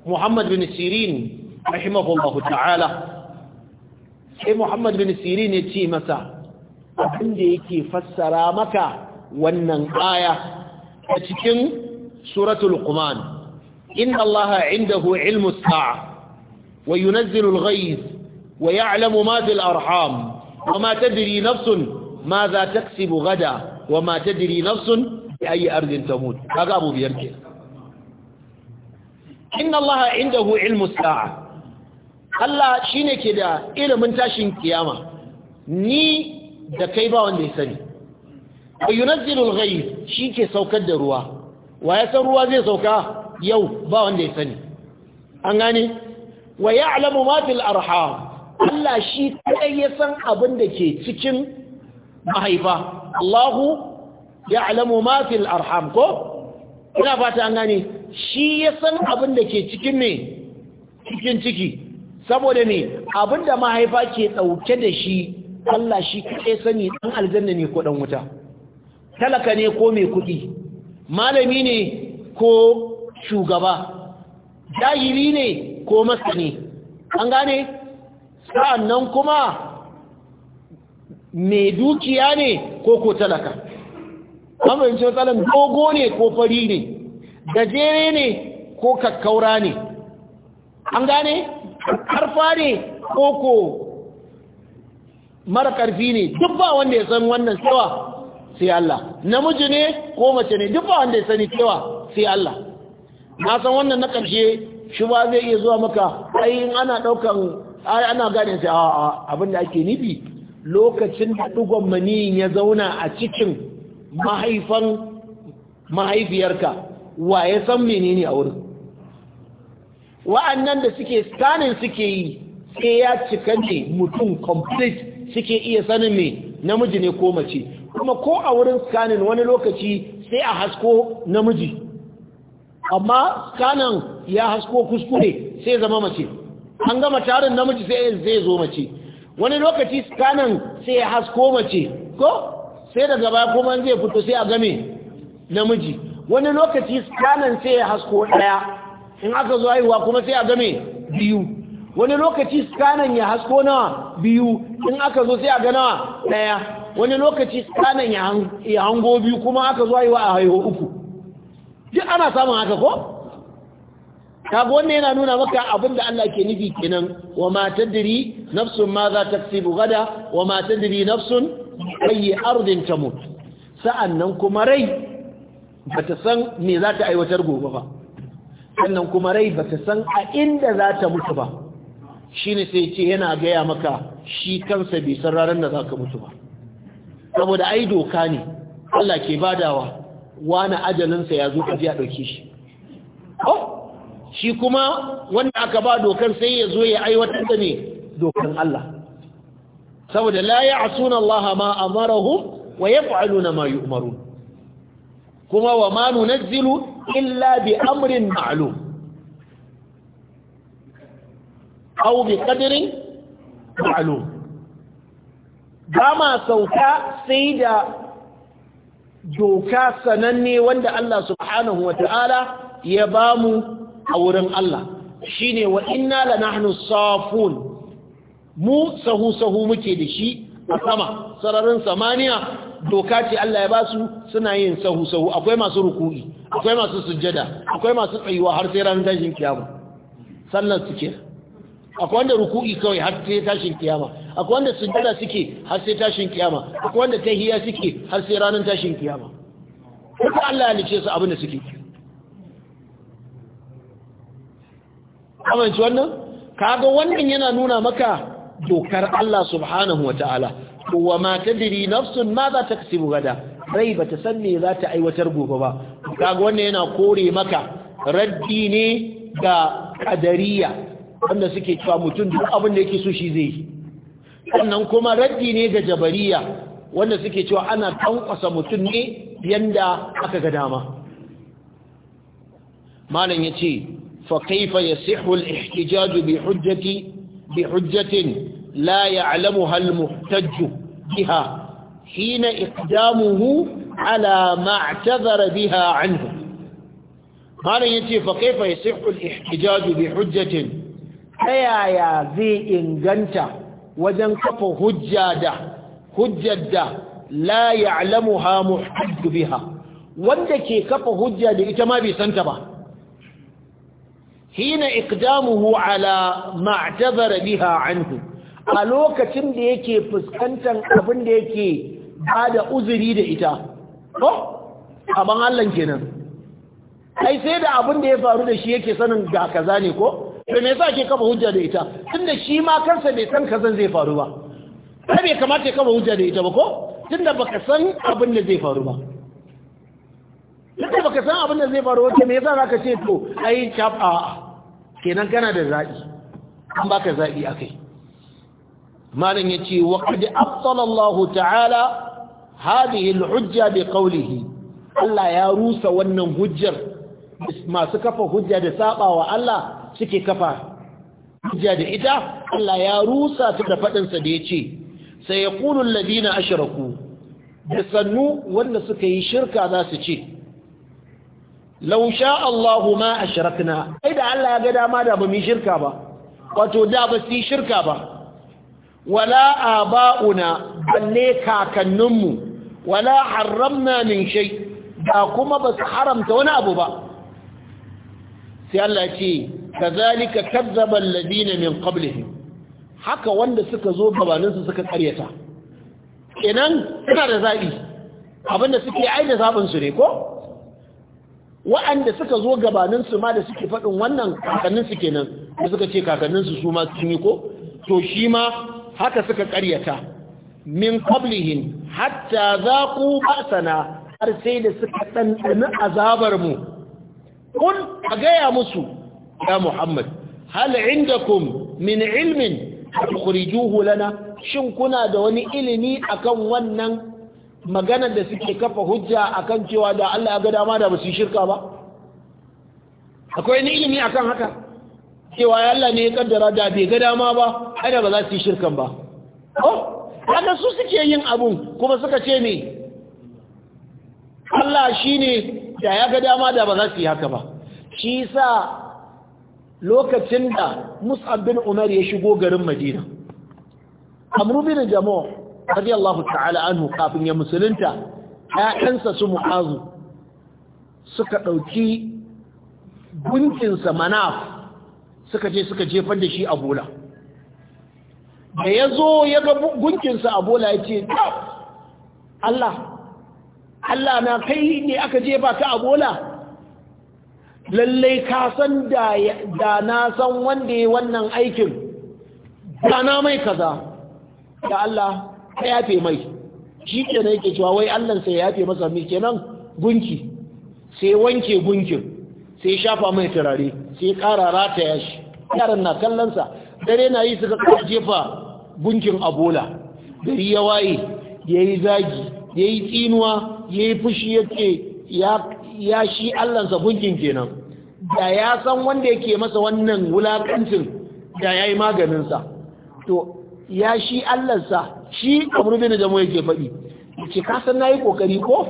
muhammad bin sirin rahimahullahu ta'ala sai Muhammad bin Sirin ya ce masa abin da yake fassara maka wannan aya a cikin suratul Luqman inna Allaha indahu ilmu sa'a wa yunazzilu al-ghayth wa ya'lamu ma fil arham wa ma tadri nafsun madha taksibu gada wa ma tadri nafsun bi ayi ardin tamut kaga abu biyar ke inna Allaha indahu ilmu sa'a Allah shi ne ke da ilimin tashin kiyama ni da kai ba wanda ya sani ayyunazzilul ghaib shi ke saukar da ruwa wa ya san ruwa zai sauka yau ba wanda ya sani an gane wa ya'lamu ma fil arham Allah shi kai ya san abin da ke cikin mahaifa Allahu ya'lamu ma fil arham ko ina fata an gane shi ya san abin da ke cikin ne cikin ciki saboda me abinda mahaifa ke ɗauke da shi Allah shi kake sani ɗan aljanna ne ko ɗan wuta talaka ne ko mai kuɗi malami ne ko shugaba jahili ne ko masani an gane sa'annan kuma mai dukiya ne ko ko talaka ce matsalan dogo ne ko fari ne gajere ne ko kakkaura ne an gane har ne koko mara karfi ne duk ba wanda ya san wannan cewa sai Allah namiji ne ko mace ne duk ba wanda ya sani cewa sai Allah na san wannan na karshe shi ba zai iya zuwa maka ai ana daukan ai ana gane sai a abin da ake nufi lokacin da dugon maniyin ya zauna a cikin mahaifan mahaifiyarka wa ya san menene a wurin wa'annan da suke scanning suke yi sai ya cika ne mutum complete suke iya sanin mai namiji ne ko mace kuma ko a wurin scanning wani lokaci sai a hasko namiji amma scanning ya hasko kuskure sai zama mace an gama tarin namiji sai zai zo mace wani lokaci scanning sai ya hasko mace ko sai daga baya kuma zai fito sai a game namiji wani lokaci scanning sai ya hasko daya in aka zo haihuwa kuma sai a game biyu wani lokaci skanan ya hasko nawa biyu in aka zo sai a ga nawa daya wani lokaci skanan ya hango biyu kuma aka zo haihuwa a haihu uku duk ana samun haka ko kaga wannan yana nuna maka abinda Allah ke nufi kenan wa ma tadri nafsun ma za ta kasibu gada wa ma tadri nafsun ayi ardin tamut sa'annan kuma rai bata san me za ta aiwatar gobe ba sannan kuma rai ba ta san a inda za ta mutu ba shi ne sai ce yana gaya maka shi kansa bai san ranar da za ka mutu ba saboda ai doka ne Allah ke badawa wani ajalinsa ya zo ka ji a ɗauke shi oh shi kuma wanda aka ba dokar sai ya zo ya aiwatar da ne dokar Allah saboda la ya'suna Allah ma amarahum wa yaf'aluna ma yu'marun kuma wa ma nunazzilu illa bi amrin ma'lum aw bi qadrin ma'lum ba sauka sai da doka sananne wanda Allah subhanahu wa ta'ala ya ba mu a wurin Allah shine wa inna lanahnu safun mu sahu sahu muke da shi a sama sararin samaniya doka ce Allah ya basu suna yin sahu sahu akwai masu ruku'i akwai masu sujjada akwai masu tsayuwa har sai ran tashin kiyama sannan suke akwai wanda ruku'i kawai har sai tashin kiyama akwai wanda sujjada suke har sai tashin kiyama akwai wanda tahiyya suke har sai ranar tashin kiyama kuma Allah ya lice su abin da suke amince wannan kaga wannan yana nuna maka dokar Allah subhanahu wataala wa ma tadri nafsun ma za ta kasibu gada rai bata san me za ta aiwatar gobe ba kaga wannan yana kore maka raddi ne ga kadariya wanda suke cewa mutum duk abin da yake so shi zai yi sannan kuma raddi ne ga jabariya wanda suke cewa ana tankwasa mutum ne yanda aka ga dama malam yace fa kaifa yasihu al-ihtijaj bi hujjati bi hujjatin la ya'lamuha al-muhtajju biha hina iqdamuhu ala ma'tazara biha anhu malam yace fa kaifa yasihhu al-ihtijaj bi hujjatin ayaya zai inganta wajen kafa hujja da hujjar da la ya'lamuha biha wanda ke kafa hujja da ita ma bai santa ba hina iqdamuhu ala ma'tazara biha anhu a lokacin da yake fuskantar abin da yake ba da uzuri da ita ko abin Allah kenan ai sai da abin da ya faru da shi yake sanin ga kaza ne ko to me yasa ke kaba hujja da ita tunda shi ma kansa bai san kazan zai faru ba kai bai kamata ya kaba hujja da ita ba ko tunda baka san abin da zai faru ba tunda baka san abin da zai faru ba mai yasa ka ce to ai kenan kana da zabi an baka a kai. malam yace wa qad afsala ta'ala hadhihi al-hujja bi Allah ya rusa wannan hujjar masu kafa hujja da sabawa Allah suke kafa hujja da ita Allah ya rusa ta da fadin sa da yace sai yaqulu alladhina ashraku da sannu wanda suka yi shirka za su ce Lausha sha Allahu ma a shirakna da Allah ya ga dama da ba mu shirka ba wato da ba su shirka ba wala aba'una balle kakanninmu wala haramna min kuma ba su haramta wani abu ba sai Allah ce kazalika kazzaba ladina min qablihim haka wanda suka zo gabaninsu suka karyata kenan suna da zaɓi, abinda suke aida zabin su ne ko waɗanda suka zo gabaninsu ma da suke faɗin wannan kakannin kenan da suka ce kakanninsu su su ma sun yi ko to shi ma haka suka ƙaryata min qablihim hatta zaqu ba'sana har sai da suka ɗanɗani azabar mu kun gaya musu ya muhammad hal indakum min ilmin tukhrijuhu lana shin kuna da wani ilimi akan wannan maganar da suke kafa hujja akan cewa da Allah ya ga dama da basu shirka ba akwai ni ilimi akan haka cewa Allah ne ya kaddara da bai ga dama ba ana ba za su yi shirkan ba ko oh, haka su suke yin abun kuma suka ce ne Allah shi ne da ya ga dama da ba za su yi haka ba shi sa lokacin da Musa bin umar ya shigo garin madina amru bin jamo Allah ta'ala anhu kafin ya musulunta 'ya'yansa su mu'azu suka ɗauki gunkinsa manaf suka je suka jefar da shi a bola da ya zo ya ga gunkinsa a bola ya ce Allah Allah na kai ne aka jefa ka a bola lallai ka san da na san wanda ya wannan aikin da na mai kaza da Allah ka yafe mai shi na yake cewa wai Allah sai ya yafe masa mai kenan gunki sai wanke gunkin sai shafa mai turare sai ƙara rataya shi yaran na kallonsa dare na yi suka kawai jefa bunkin abola gari ya waye ya yi zagi ya yi tsinuwa ya yi fushi ya ce ya shi allansa bunkin kenan da ya san wanda yake masa wannan wulakancin da ya yi maganinsa to ya shi allansa shi abu bin jamo yake faɗi ce kasan na yi ƙoƙari ko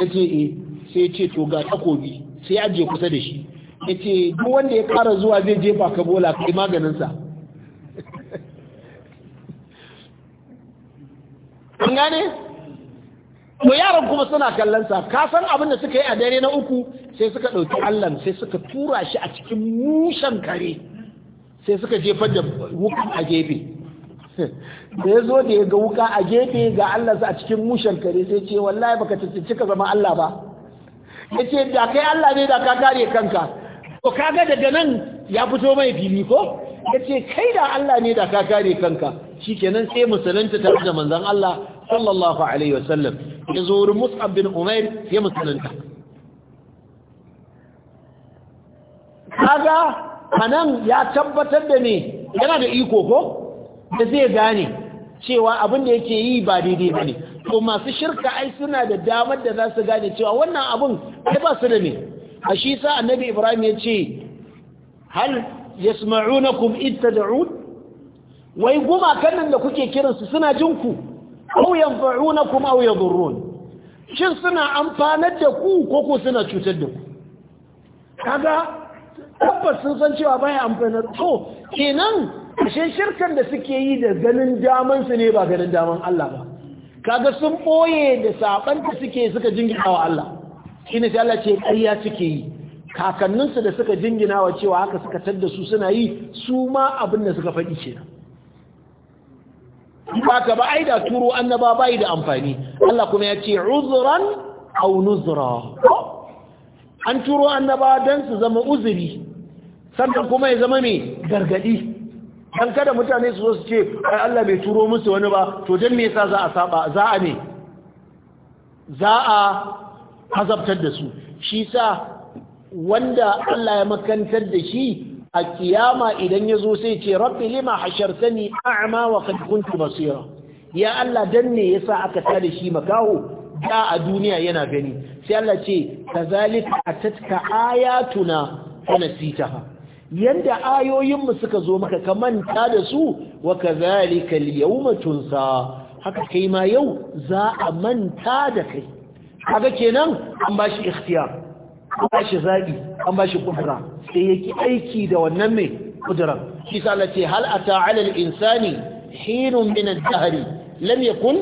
ya ce e sai ce to ga takobi sai ajiye kusa da shi ya ce duk wanda ya ƙara zuwa zai jefa ka bola kai maganinsa an gane Ba yaran kuma suna kallon sa ka san abin da suka yi a dare na uku sai suka ɗauki allah sai suka tura shi a cikin mushen kare sai suka jefar da wuka a gefe da ya zo da ya ga wuka a gefe ga Allah a cikin mushen kare sai ce wallahi baka cancanci ka zama Allah ba ya ce da kai Allah ne da ka kare kanka to kaga daga nan ya fito mai fili ko ya ce kai da Allah ne da ka kare kanka shi kenan sai musulunta tare da manzan Allah sallallahu alaihi wasallam ya zo wurin mus'ab bin umair ya musulunta kaga anan ya tabbatar da ne yana da iko ko da zai gane cewa abin da yake yi ba daidai ba ne to masu shirka ai suna da damar da za su gane cewa wannan abin ai ba su da ne a shi sa annabi ibrahim ya ce hal yasma'unakum id tad'un wai gumakan nan da kuke kiransu suna jin ku aw yanfa'unakum aw yadurrun shin suna amfanar da ku ko ko suna cutar da ku kaga tabbas sun san cewa baya amfanar to kenan ashe shirkan da suke yi da ganin daman su ne ba ganin daman Allah ba kaga sun boye da saban da suke suka jingina wa Allah shine sai Allah ce ƙarya suke yi kakanninsu da suka jingina wa cewa haka suka tadda su suna yi su ma abin da suka faɗi ce ba ka ba ai da turo annaba bai da amfani Allah kuma ya ce uzran aw nuzra an turo annaba dan su zama uzuri sannan kuma ya zama me gargadi dan kada mutane su zo su ce ai Allah bai turo musu wani ba to dan me yasa za a saba za a ne za a azabtar da su shi sa wanda Allah ya makantar da shi a kiyama idan ya zo sai ce rabbi lima hashartani a'ma wa qad kuntu basira ya Allah dan ne yasa aka tada shi makaho da a duniya yana gani sai Allah ce kazalika atatka ayatuna fa nasitaha yanda ayoyinmu suka zo maka ka manta da su wa kazalika al-yawma tunsa haka kai ma yau za a manta da kai kaga kenan an bashi ikhtiyar an ba shi zaɓi an ba shi sai yake aiki da wannan mai kudurar shi sa Allah ce hal ata alal insani hinun min ad-dahri lam yakun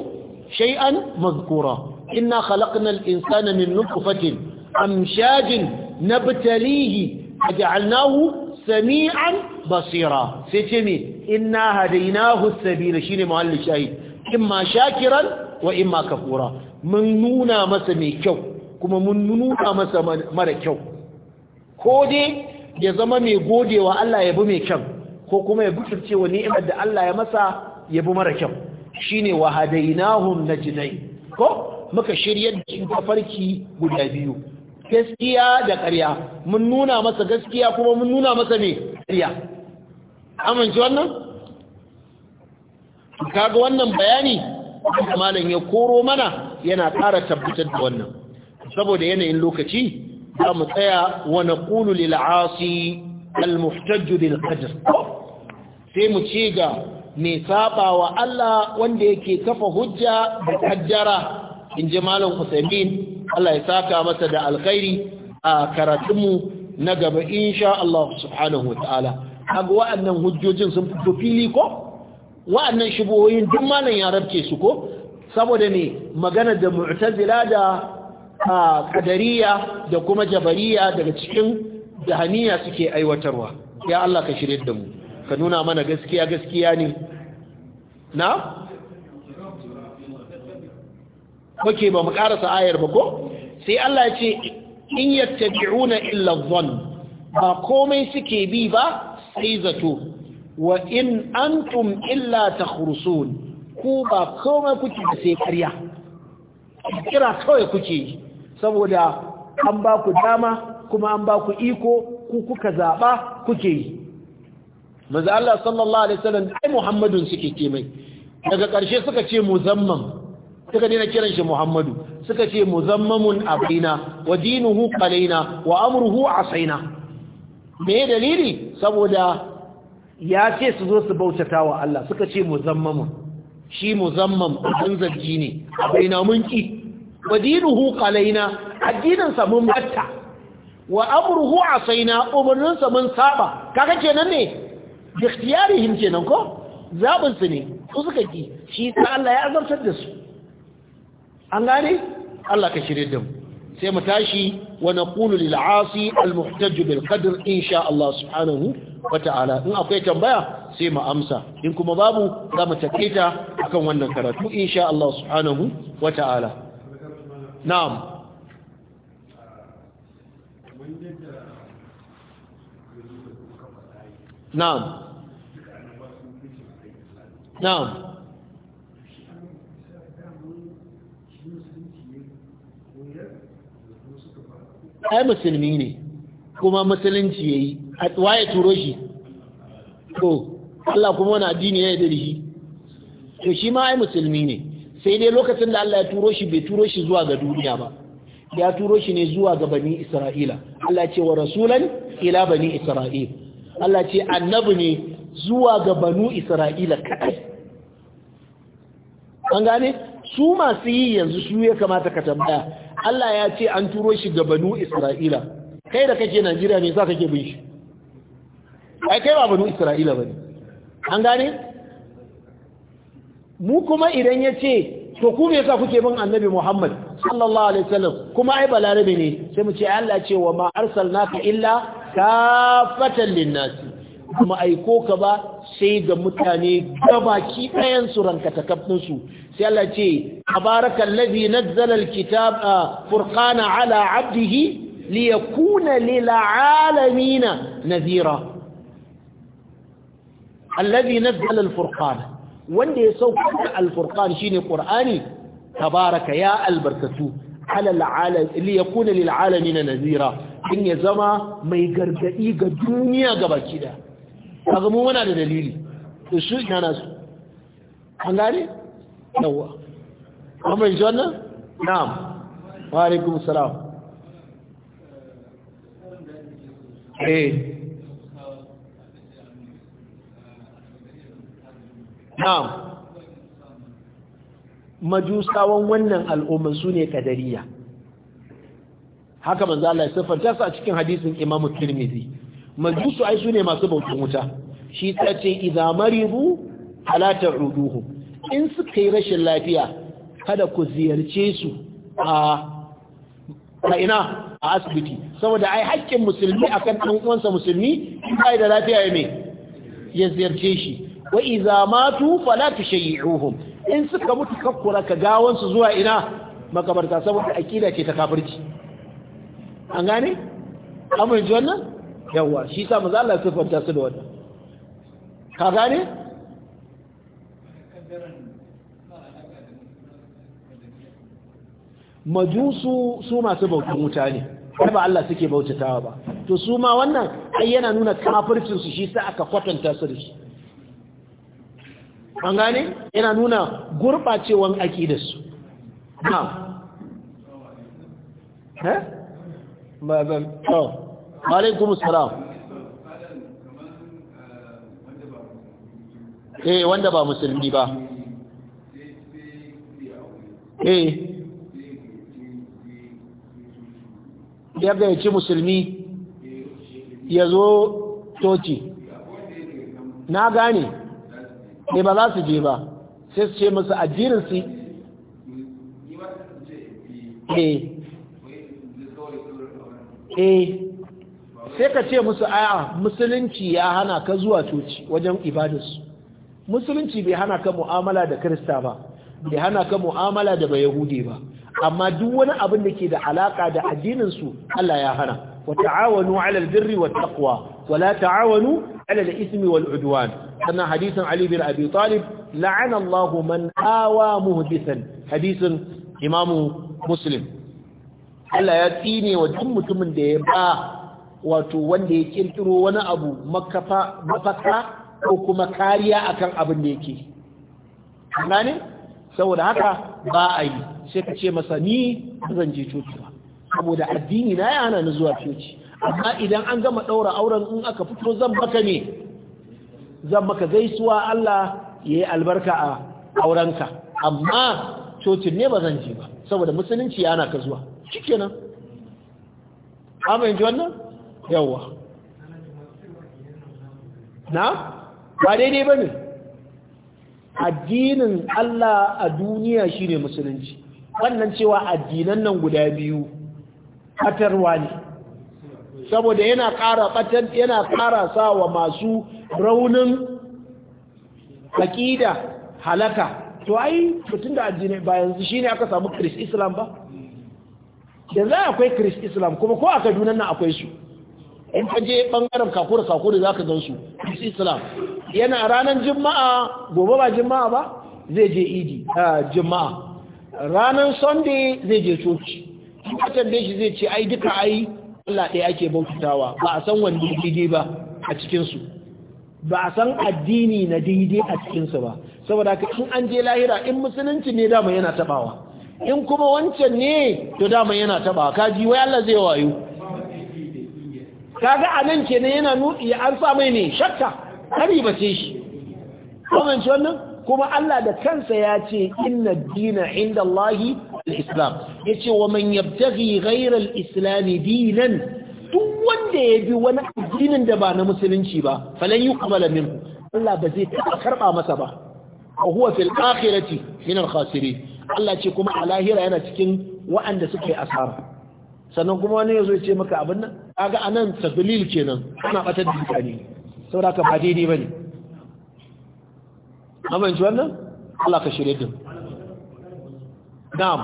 shay'an mazkura inna khalaqna al-insana min nutfatin amshajin nabtalihi faj'alnahu sami'an basira sai ce me inna hadaynahu as-sabila shine muhallin shahid imma shakiran wa imma kafura mun nuna masa mai kyau kuma mun nuna masa mara kyau ko dai ya zama mai godewa Allah ya bi mai kyau ko kuma ya bukirce wa ni'imar da Allah ya masa ya bi mara kyau shine wa na jinai. ko muka shiryar da shi farki guda biyu gaskiya da ƙarya mun nuna masa gaskiya kuma mun nuna masa ne ƙarya amince wannan kaga wannan bayani da malam ya koro mana yana ƙara tabbatar da wannan saboda yanayin lokaci za mu tsaya wa naqulu lil asi al muhtajj bil sai mu ce ga mai saba wa Allah wanda yake kafa hujja da kaddara in ji malam Usaimin Allah ya saka masa da alkhairi a karatunmu na gaba insha Allah subhanahu wa ta'ala kaga wa'annan hujjojin sun fito fili ko wa'annan shubuhoyin duk malam ya rabce su ko saboda ne magana da mu'tazila da a kadariya da kuma jabariya daga cikin jahaniya suke aiwatarwa ya Allah ka shirye da mu ka nuna mana gaskiya gaskiya ne na? Oke ba mu karasa ayar ba ko? Sai Allah ce in yattabi'una illa dhann ba komai suke bi ba sai zato wa in antum illa takhrusun ku ba komai kuke da sai kariya kira kawai kuke yi saboda an ba ku dama kuma an ba ku iko ku kuka zaɓa kuke yi manzo Allah sallallahu alaihi wasallam ai Muhammadun suke ce mai daga ƙarshe suka ce muzammam suka dena kiran shi Muhammadu suka ce muzammamun abina wa dinuhu qalaina wa amruhu asaina me dalili saboda ya ce su zo su bautata wa Allah suka ce muzammamun shi muzammam abin zargi ne abina mun ki wa dinuhu qalaina addininsa mun batta wa amruhu asaina umarninsa mun saba kaga kenan ne ikhtiyarihim kenan ko zabin su ne su suka ki shi ta Allah ya azabtar da su an gane Allah ka shirye da mu sai mu tashi wa naqulu lil asi al muhtaj bil qadr insha Allah subhanahu wa ta'ala in akwai tambaya sai mu amsa in kuma babu za mu take akan wannan karatu insha Allah subhanahu wa ta'ala na'am na'am na'am ai musulmi ne kuma musulunci yayi waye turo shi to Allah kuma wani addini ya yi da shi to shi ma ai musulmi ne sai dai lokacin da Allah ya turo shi bai turo shi zuwa ga duniya ba ya turo shi ne zuwa ga bani Isra'ila Allah ce wa rasulan ila bani Isra'il Allah ce annabi ne zuwa ga banu Isra'ila kadai an gane su masu yi yanzu su ya kamata ka tambaya Allah ya ce an turo shi ga banu Isra'ila kai da kake Najeriya za ka kake bin shi ai kai ba banu Isra'ila bane an gane mu kuma idan ya ce to ku me yasa kuke bin annabi Muhammad sallallahu alaihi wasallam kuma ai balarabe ne sai mu ce Allah ce wa ma arsalnaka illa kafatan linnas kuma aiko ka ba sai ga mutane gabaki ɗayan su ranka takabbun su sai Allah ce tabarakal ladhi nazzala alkitaba furqana ala abdihi liyakuna lil alamin nadhira alladhi nazzala alfurqana wanda ya sauka da alfurqan shine qur'ani tabaraka ya albarkatu alal alam li yakuna lil alamin nazira in ya zama mai gargadi ga duniya gabaki da kaga mu muna da dalili to su ina su an gane yawa amma ji na'am wa alaikum salam eh na'am majusawan wannan al'umman su ne kadariya haka manzo Allah ya siffanta su a cikin hadisin Imam Tirmidhi majusu ai su ne masu bautan wuta shi ta ce idza maridu ala ta'uduhu in suka yi rashin lafiya kada ku ziyarce su a ina a asibiti saboda ai haƙƙin musulmi akan ɗan uwansa musulmi in bai da lafiya ya me ya ziyarce shi wa idza matu fala tushayyi'uhum in suka mutu kakkura ka gawan su zuwa ina makabarta saboda akida ce ta kafirci an gane amin ji wannan yawa shi sa maza Allah sifanta su da wannan ka gane majusu su masu bautan wuta ne ba Allah suke bautatawa ba to su ma wannan ai yana nuna kafircin su shi sa aka kwatanta su da shi an gane yana nuna gurɓacewan aƙidarsu ha he? ba ba ba alaikum salam eh wanda ba musulmi ba eh ya gayyaci musulmi ya zo toci na gane ne ba za su je ba sai su ce musu addinin su eh. Eh. sai ka ce musu aya musulunci ya hana ka zuwa coci wajen ibadarsu musulunci bai hana ka mu'amala da kirista ba bai hana ka mu'amala da bayahudi ba amma duk wani abin da ke da alaka da addininsu Allah ya hana wa ta'awanu 'alal birri wat taqwa wa la ta'awanu alal ismi wal udwan sannan hadisin ali bin abi talib la'ana allah man awa muhdisan hadisin imam muslim Allah ya tsine wa duk mutumin da ya ba wato wanda ya ƙirƙiro wani abu makafa mafaka ko kuma kariya akan abin da yake gane saboda haka ba a yi sai ce masa ni zan je coci ba saboda addini na yana na zuwa coci amma idan an gama ɗaura auren in aka fito zan baka ne zan baka gaisuwa Allah ya yi albarka a aurenka amma cocin ne ba zan je ba saboda musulunci yana ka zuwa shikenan amin ji wannan yawwa na ba daidai ba ne addinin Allah a duniya shi ne musulunci wannan cewa addinan nan guda biyu katarwa ne saboda yana ƙara ɓatan yana ƙara sa wa masu raunin haƙida halaka to ai mutum da addinai ba yanzu shine aka samu Chris Islam ba yanzu akwai Chris Islam kuma ko a Kaduna nan akwai su in ka je ɓangaren kakuri kakuri za ka zansu. su islam yana ranar jima'a gobe ba jima'a ba zai je idi jima'a ranar sunday zai je coci in ka tambaye shi zai ce ai duka ai Allah ɗaya ake bautatawa ba a san wani daidai ba a cikinsu ba a san addini na daidai a cikinsu ba saboda haka in an je lahira in musulunci ne dama yana tabawa in kuma wancan ne to dama yana tabawa kaji wai Allah zai wayo kaga anan kenan yana nuni an sa mai ne shakka kari ba ce shi kuma Allah da kansa ya ce inna dina inda Allahi al ya yace wa man yabtaghi ghayra al-islam dinan duk wanda ya bi wani addinin da ba na musulunci ba falan min minhu Allah ba zai karba masa ba wa huwa fil akhirati min al-khasirin Allah ce kuma a lahira yana cikin wa'anda suka yi asara sannan kuma wani yazo ya ce maka abin nan kaga anan tablil kenan ana batar da mutane da ka ba daidai bane amince wannan Allah ka shirye din na'am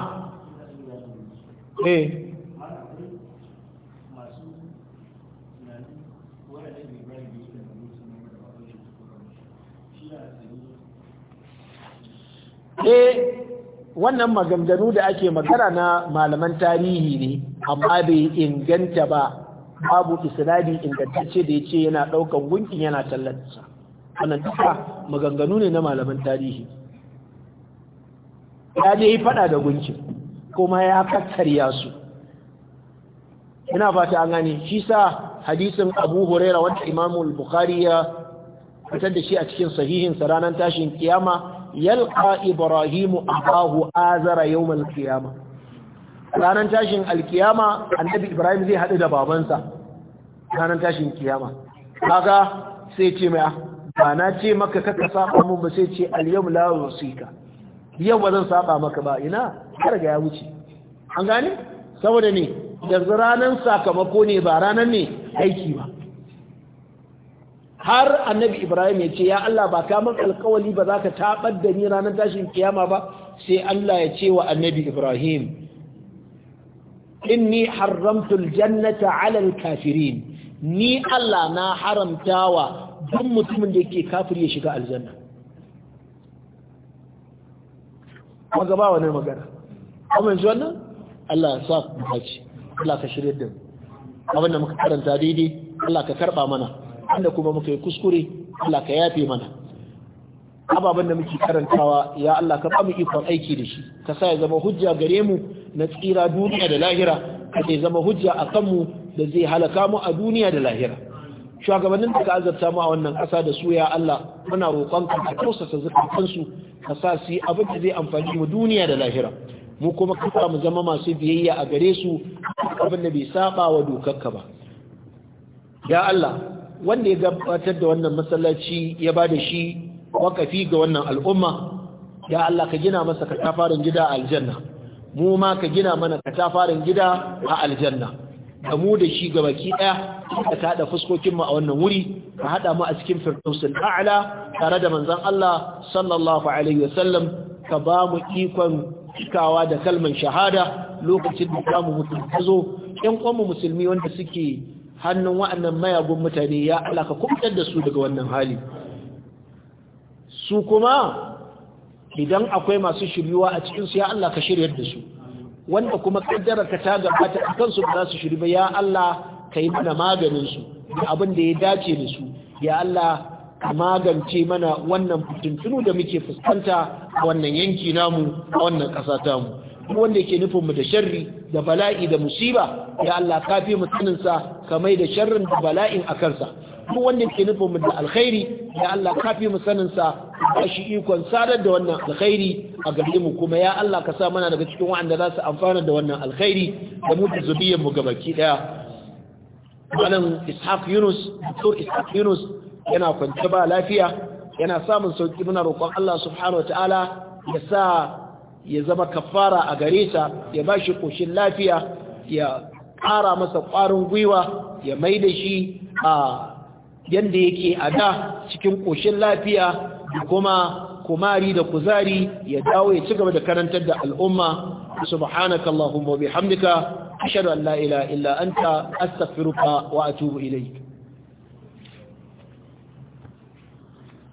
eh E, wannan maganganu da ake magana na malaman tarihi ne amma bai inganta ba babu isnadi ingantacce da yace yana ɗaukan gunkin yana tallata. wannan duka maganganu ne na malaman tarihi ya je yi fada da gunki kuma ya kakkarya su ina fata an gani shi sa hadisin abu huraira wanda imamul bukhari ya fitar da shi a cikin sahihin saranan ranar tashin kiyama yalqa ibrahimu abahu azara yawmal kiyama ranar tashin alkiyama annabi ibrahim zai hadu da babansa ranar tashin kiyama kaga sai ce mai ah, ba na ce maka kaka saba mun ba sai ce al-yawm la yusika yau ba zan saba maka ba ina har ga ya wuce an gane saboda ne yanzu ranar sakamako ne ba ranar ne aiki ba har annabi ibrahim ya ce ya Allah ba ka min alkawali ba za ka tabar da ni ranar tashin kiyama ba sai Allah ya ce wa annabi ibrahim inni haramtu aljannata ala alkafirin ni Allah na haramtawa duk mutumin da yake kafiri ya shiga aljanna maga ba wani magana amma yanzu wannan Allah ya sa mu haji Allah ka shirye da mu abin da muka karanta daidai Allah ka karba mana inda kuma muka yi kuskure Allah ka yafe mana ababen da muke karantawa ya Allah ka ba mu ikon aiki da shi ka sa ya zama hujja gare mu na tsira duniya da lahira ka zama hujja a kanmu da zai halaka mu a duniya da lahira shugabannin da ka azabta mu a wannan ƙasa da su ya Allah muna roƙon ka ka tausasa zakatansu ka sa su yi abin da zai amfani mu duniya da lahira mu kuma kafa mu zama masu biyayya a gare su abin da bai saba wa dokarka ba ya Allah wanda ya gabatar da wannan masallaci ya ba da shi wakafi ga wannan al'umma ya Allah ka gina masa katafarin gida a aljanna mu ma ka gina mana katafarin gida a aljanna da mu da shi ga baki daya ka kada fuskokin mu a wannan wuri ka hada mu a cikin firdausul a'la tare da manzon Allah sallallahu alaihi wasallam ka ba mu ikon cikawa da kalman shahada lokacin da zamu mutu zo yan uwan musulmi wanda suke hannun wa'annan mayagun mutane ya Allah ka kubutar da su daga wannan hali su kuma idan akwai masu shiryuwa a cikinsu ya Allah ka shiryar da su wanda kuma kaddararka ta gabata a kansu ba za su shiri ba ya Allah ka yi mana maganinsu da abin da ya dace da su ya Allah ka magance mana wannan fitintunu da muke fuskanta a wannan yanki namu a wannan ƙasa tamu wanda yake nufin mu da sharri da bala'i da musiba ya Allah ka fi mu saninsa ka mai da sharrin da bala'in a kansa duk wanda ke nufin mu da alkhairi ya Allah ka fi mu sanin sa ba shi ikon sadar da wannan alkhairi a gare mu kuma ya Allah ka sa mana daga cikin wanda za su amfana da wannan alkhairi da mu da zuriyar mu gabaki daya malam Ishaq Yunus Dr. Ishaq Yunus yana kwance ba lafiya yana samun sauki muna roƙon Allah subhanahu wataala ya sa ya zama kafara a gare ta ya ba shi koshin lafiya ya ƙara masa ƙwarin gwiwa ya mai da shi a yadda yake a da cikin ƙoshin lafiya da kuma kumari da kuzari ya dawo ya ci gaba da karantar da al'umma subhanaka allahumma wa bihamdika ashhadu an la ilaha illa anta astaghfiruka wa atubu ilayk